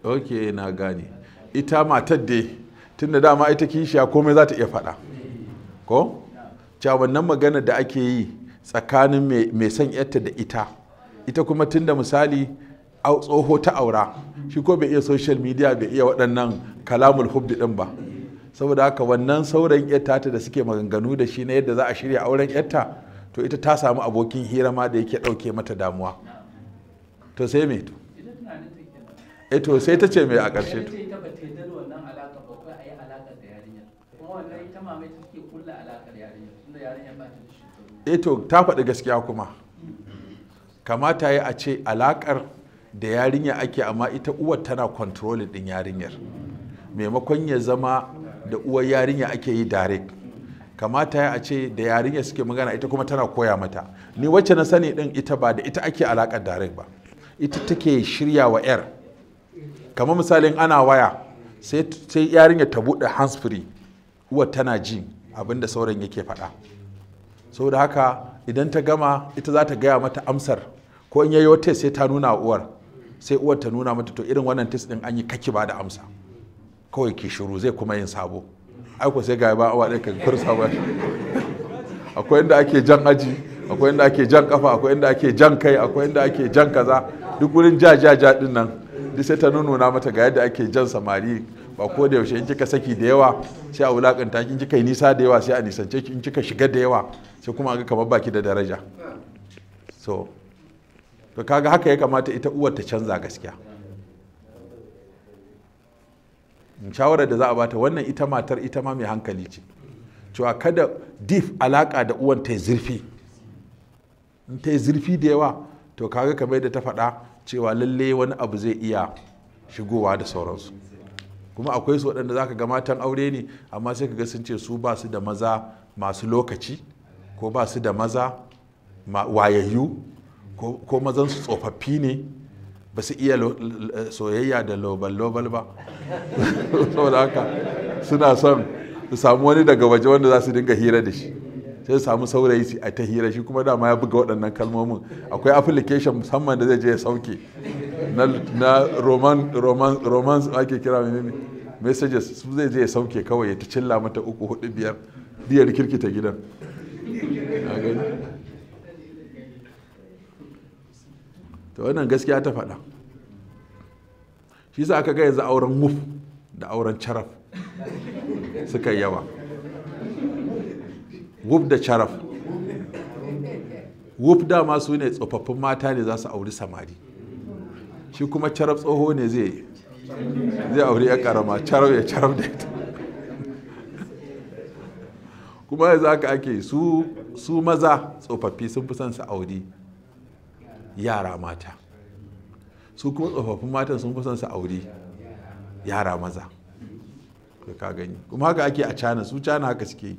ok na gane ita matar dai tunda dama ita kishiya komai za ta iya faɗa ko cewa magana da ake yi tsakanin mai son 'yatta da ita ita kuma tunda misali tsoho ta aura shi ko bai iya social media bai iya waɗannan kalamul hubbi ɗin ba saboda haka wannan sauran yatta ta da suke maganganu da shi na yadda za a shirya auren 'yatta, to ita ta samu abokin hira ma da yake ɗauke mata damuwa to sai me to eh to sai ta ce me a ƙarshe to eh to ta faɗi gaskiya kuma kamata ya a ce alaƙar da yarinya ake amma ita uwar tana controlling ɗin yarinyar maimakon ya zama da uwar yarinya ake yi direct kamata ya ce da yarinya suke magana ita kuma tana koya mata ni wacce na sani din ita ba da ita ake alaƙar direct ba ita take shirya wa 'yar kamar misalin ana waya sai yarinya ta buɗe handsfree uwar tana ji abinda sauran yake faɗa saboda haka idan ta gama ita za ta gaya mata amsar ko in yayi wata sai ta nuna uwar sai uwar ta nuna mata to irin wannan tis din an yi kaki ba da amsa kawai ki shiru zai kuma yin sabo ai sai ga ba awa ɗaya ka sabo akwai inda ake jan aji akwai inda ake jan kafa akwai inda ake jan kai akwai inda ake jan kaza duk wurin ja ja ja din nan duk sai ta nuna mata ga yadda ake jan samari ba ko da yaushe in kika saki da yawa sai a wulakanta in kika yi nisa da yawa sai a nisance ki in kika shiga da yawa sai kuma ga kamar baki da daraja so to kaga haka ya kamata ita uwar ta canza gaskiya In shawara da za a bata wannan ita matar ita ma mai hankali ce cewa kada dif alaka da uwan ta zurfi in ta zurfi da yawa to kaga kamar da ta faɗa cewa lalle wani abu zai iya shigowa da sauransu kuma akwai su waɗanda za ka ga matan aure ne amma sai ka ga sun ce su ba su da maza masu lokaci ko ba su da maza wayayyu ko mazan tsofaffi ne ba su iya soyayya da lobal-lobal ba saboda haka suna son su samu wani daga waje wanda za su dinga hira da shi sai samu saurayi a ta hira shi kuma dama ya buga waɗannan kalmomin akwai application musamman da zai je ya sauke na romance ake kira ne messages su zai je ya sauke kawai ya ta cilla mata uku hudu biyar biyar kirkita gidan ta wannan gaskiya ta faɗa shi sa aka ga yanzu auren muf da auren caraf suka yawa wuf da caraf wuf dama masu ne tsofaffin mata ne za su auri samari shi kuma caraf tsoho ne zai zai auri ya karama caraf ya caraf da ita kuma za ka ake su su maza tsofaffi sun fi son su auri yara mata su kuma tsofaffin mata sun fi son su auri yara maza ka gani kuma haka ake a cana su cana haka suke yi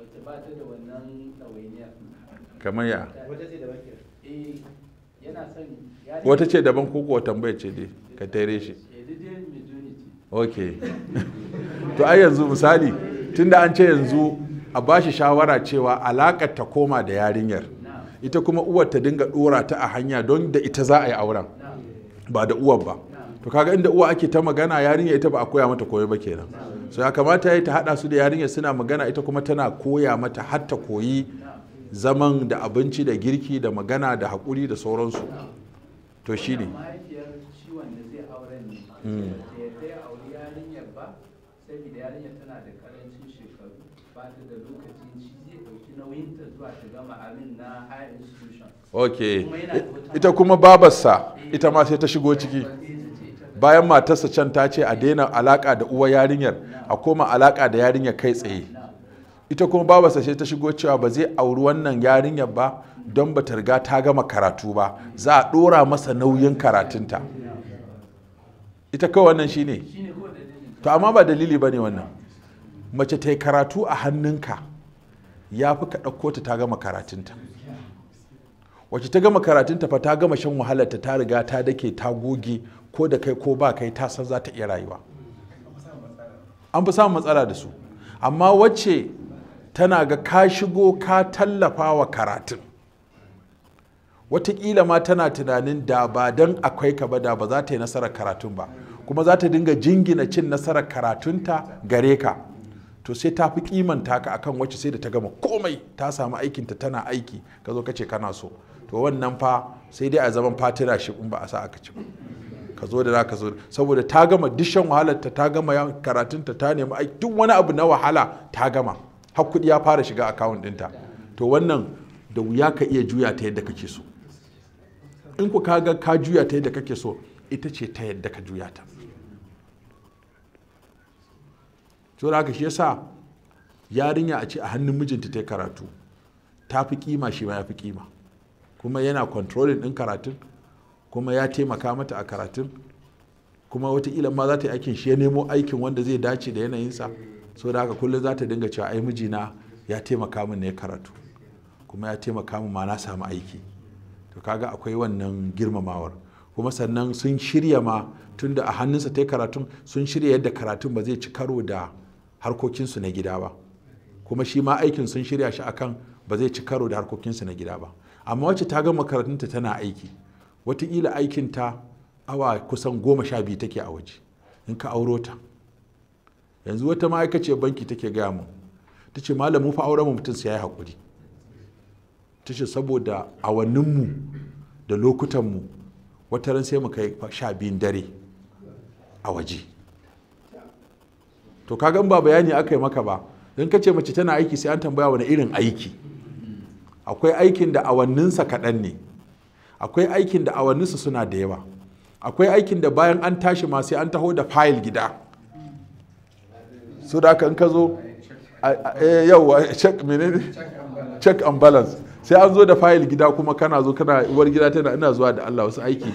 wacce kamar ya eh, wata ce daban eh yana ce ko kuwa tambaya ce dai ka tare shi ok to ai yanzu misali tunda an ce yanzu a ba shi shawara cewa alaƙar ta koma da yarinyar ita kuma uwar ta dinga ɗora ta a hanya don da ita za a yi auren ba da uwar ba to kaga inda uwa ake ta magana yarinyar ita ba a koya mata koyo ba kenan so ya kamata ya ta haɗa su da yarinya suna magana ita kuma tana koya mata har ta koyi zaman da abinci da girki da magana da haƙuri da sauransu to shi ne hmm. ok ita kuma babarsa ita ma sai ta shigo ciki bayan matarsa can ta ce a daina alaka da uwa yarinyar a koma alaka da yarinyar kai tsaye ita kuma babarsa ce ta shigo cewa ba zai auri wannan yarinyar ba don ba ta riga ta gama karatu ba za a ɗora masa nauyin karatunta ita kawai wannan shine to amma ba dalili ba ne wannan mace ta yi karatu a hannunka ya fi ka ɗauko ta ta gama karatunta wacce ta gama karatunta fa ta gama shan wahalarta ta riga ta dake ta goge ko da kai ko ba kai ta san za ta iya rayuwa an fi samun matsala da su amma wacce tana ga ka shigo ka tallafa wa karatun watakila ma tana tunanin da ba don akwai ka ba da ba za ta yi nasarar karatun ba kuma za ta dinga jingina cin nasarar karatunta gare ka to sai ta fi kimanta ka akan wacce sai da ta gama komai ta samu aikinta tana aiki ka zo ka ce kana so to wannan fa sai dai a zaman fatira shi in ba a sa aka ci ba ka zo da naka zo saboda ta gama dishan wahalar ta ta gama karatunta ta nemi ai duk wani abu na wahala ta gama har kudi ya fara shiga akawun ɗinta to wannan da wuya ka iya juya ta yadda kake so in ku kaga ka juya ta yadda kake so ita ce ta yadda ka juya ta to da haka shi yasa yarinya a ce a hannun mijinta ta karatu ta fi kima shi ma ya fi kima kuma yana controlling din karatun kuma ya taimaka mata a karatun kuma watakila ma za ta yi aikin shi ya nemo aikin wanda zai dace da yanayinsa so da haka kullum za ta dinga cewa ai mijina ya taimaka min ne karatu kuma ya taimaka min ma na samu aiki to kaga akwai wannan girmamawar kuma sannan sun shirya ma tunda a hannunsa ta karatun sun shirya yadda karatun ba zai ci karo da harkokinsu na gida ba kuma shi ma aikin sun shirya shi akan ba zai ci karo da harkokinsu na gida ba amma wacce ta gama karatunta tana aiki watakila ta awa kusan goma sha biyu take a waje in ka auro ta yanzu wata ma'aikaciyar banki take gaya mu ta ce malamu fa auren mu mutum sai ya yi haƙuri ta ce saboda awanninmu da lokutanmu wata ran sai mu kai sha biyun dare a waje to ka gan ba bayani aka yi maka ba don ka ce mace tana aiki sai an tambaya wani irin aiki akwai aikin da awanninsa kaɗan ne akwai aikin da awanninsu suna da yawa akwai aikin da bayan an tashi ma an taho da fayil gida so da kan ka zo eh, yauwa check and balance sai an zo da fayil gida kuma kana zo kana uwar gida tana ina zuwa da Allah wasu aiki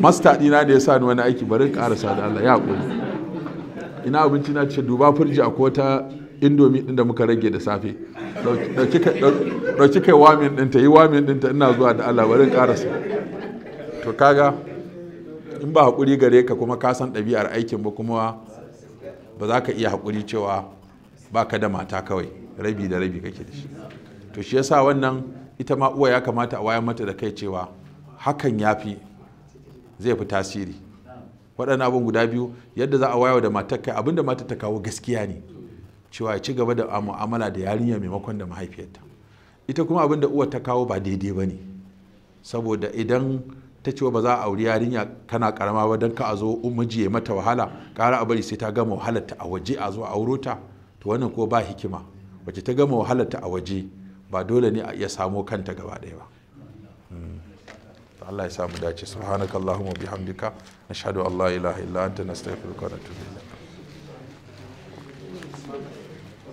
masta dina da ya sa ni wani aiki bari karasa da Allah ya ina abinci na ce duba firji akwai wata indomi ɗin da muka rage da safe ɗauki kai wamin ɗinta yi wamin ɗinta ina zuwa da Allah barin ƙarasa to kaga in ba haƙuri gare ka kuma ka san ɗabi'ar aikin ba kuma ba za ka iya haƙuri cewa ba ka da mata kawai rabi da rabi kake da shi to shi yasa wannan ita ma uwa ya kamata a wayar mata da kai cewa hakan ya fi zai fi tasiri waɗannan abin guda biyu yadda za a wayo da matar kai abinda mata ta kawo gaskiya ne cewa ci gaba da mu'amala da yarinya maimakon da mahaifiyarta ita kuma abin da uwar ta kawo ba daidai ba ne saboda idan ta ce ba za a auri yarinya kana karama ba don ka a zo miji ya mata wahala kara a bari sai ta gama wahalar ta a waje a zo a auro ta to wannan ko ba hikima wacce ta gama wahalar ta a waje ba dole ne a iya samo kanta gaba ɗaya ba hmm. Allah ya samu dace subhanakallahumma bihamdika nashhadu an la ilaha illa anta nastaghfiruka wa natubu ilayk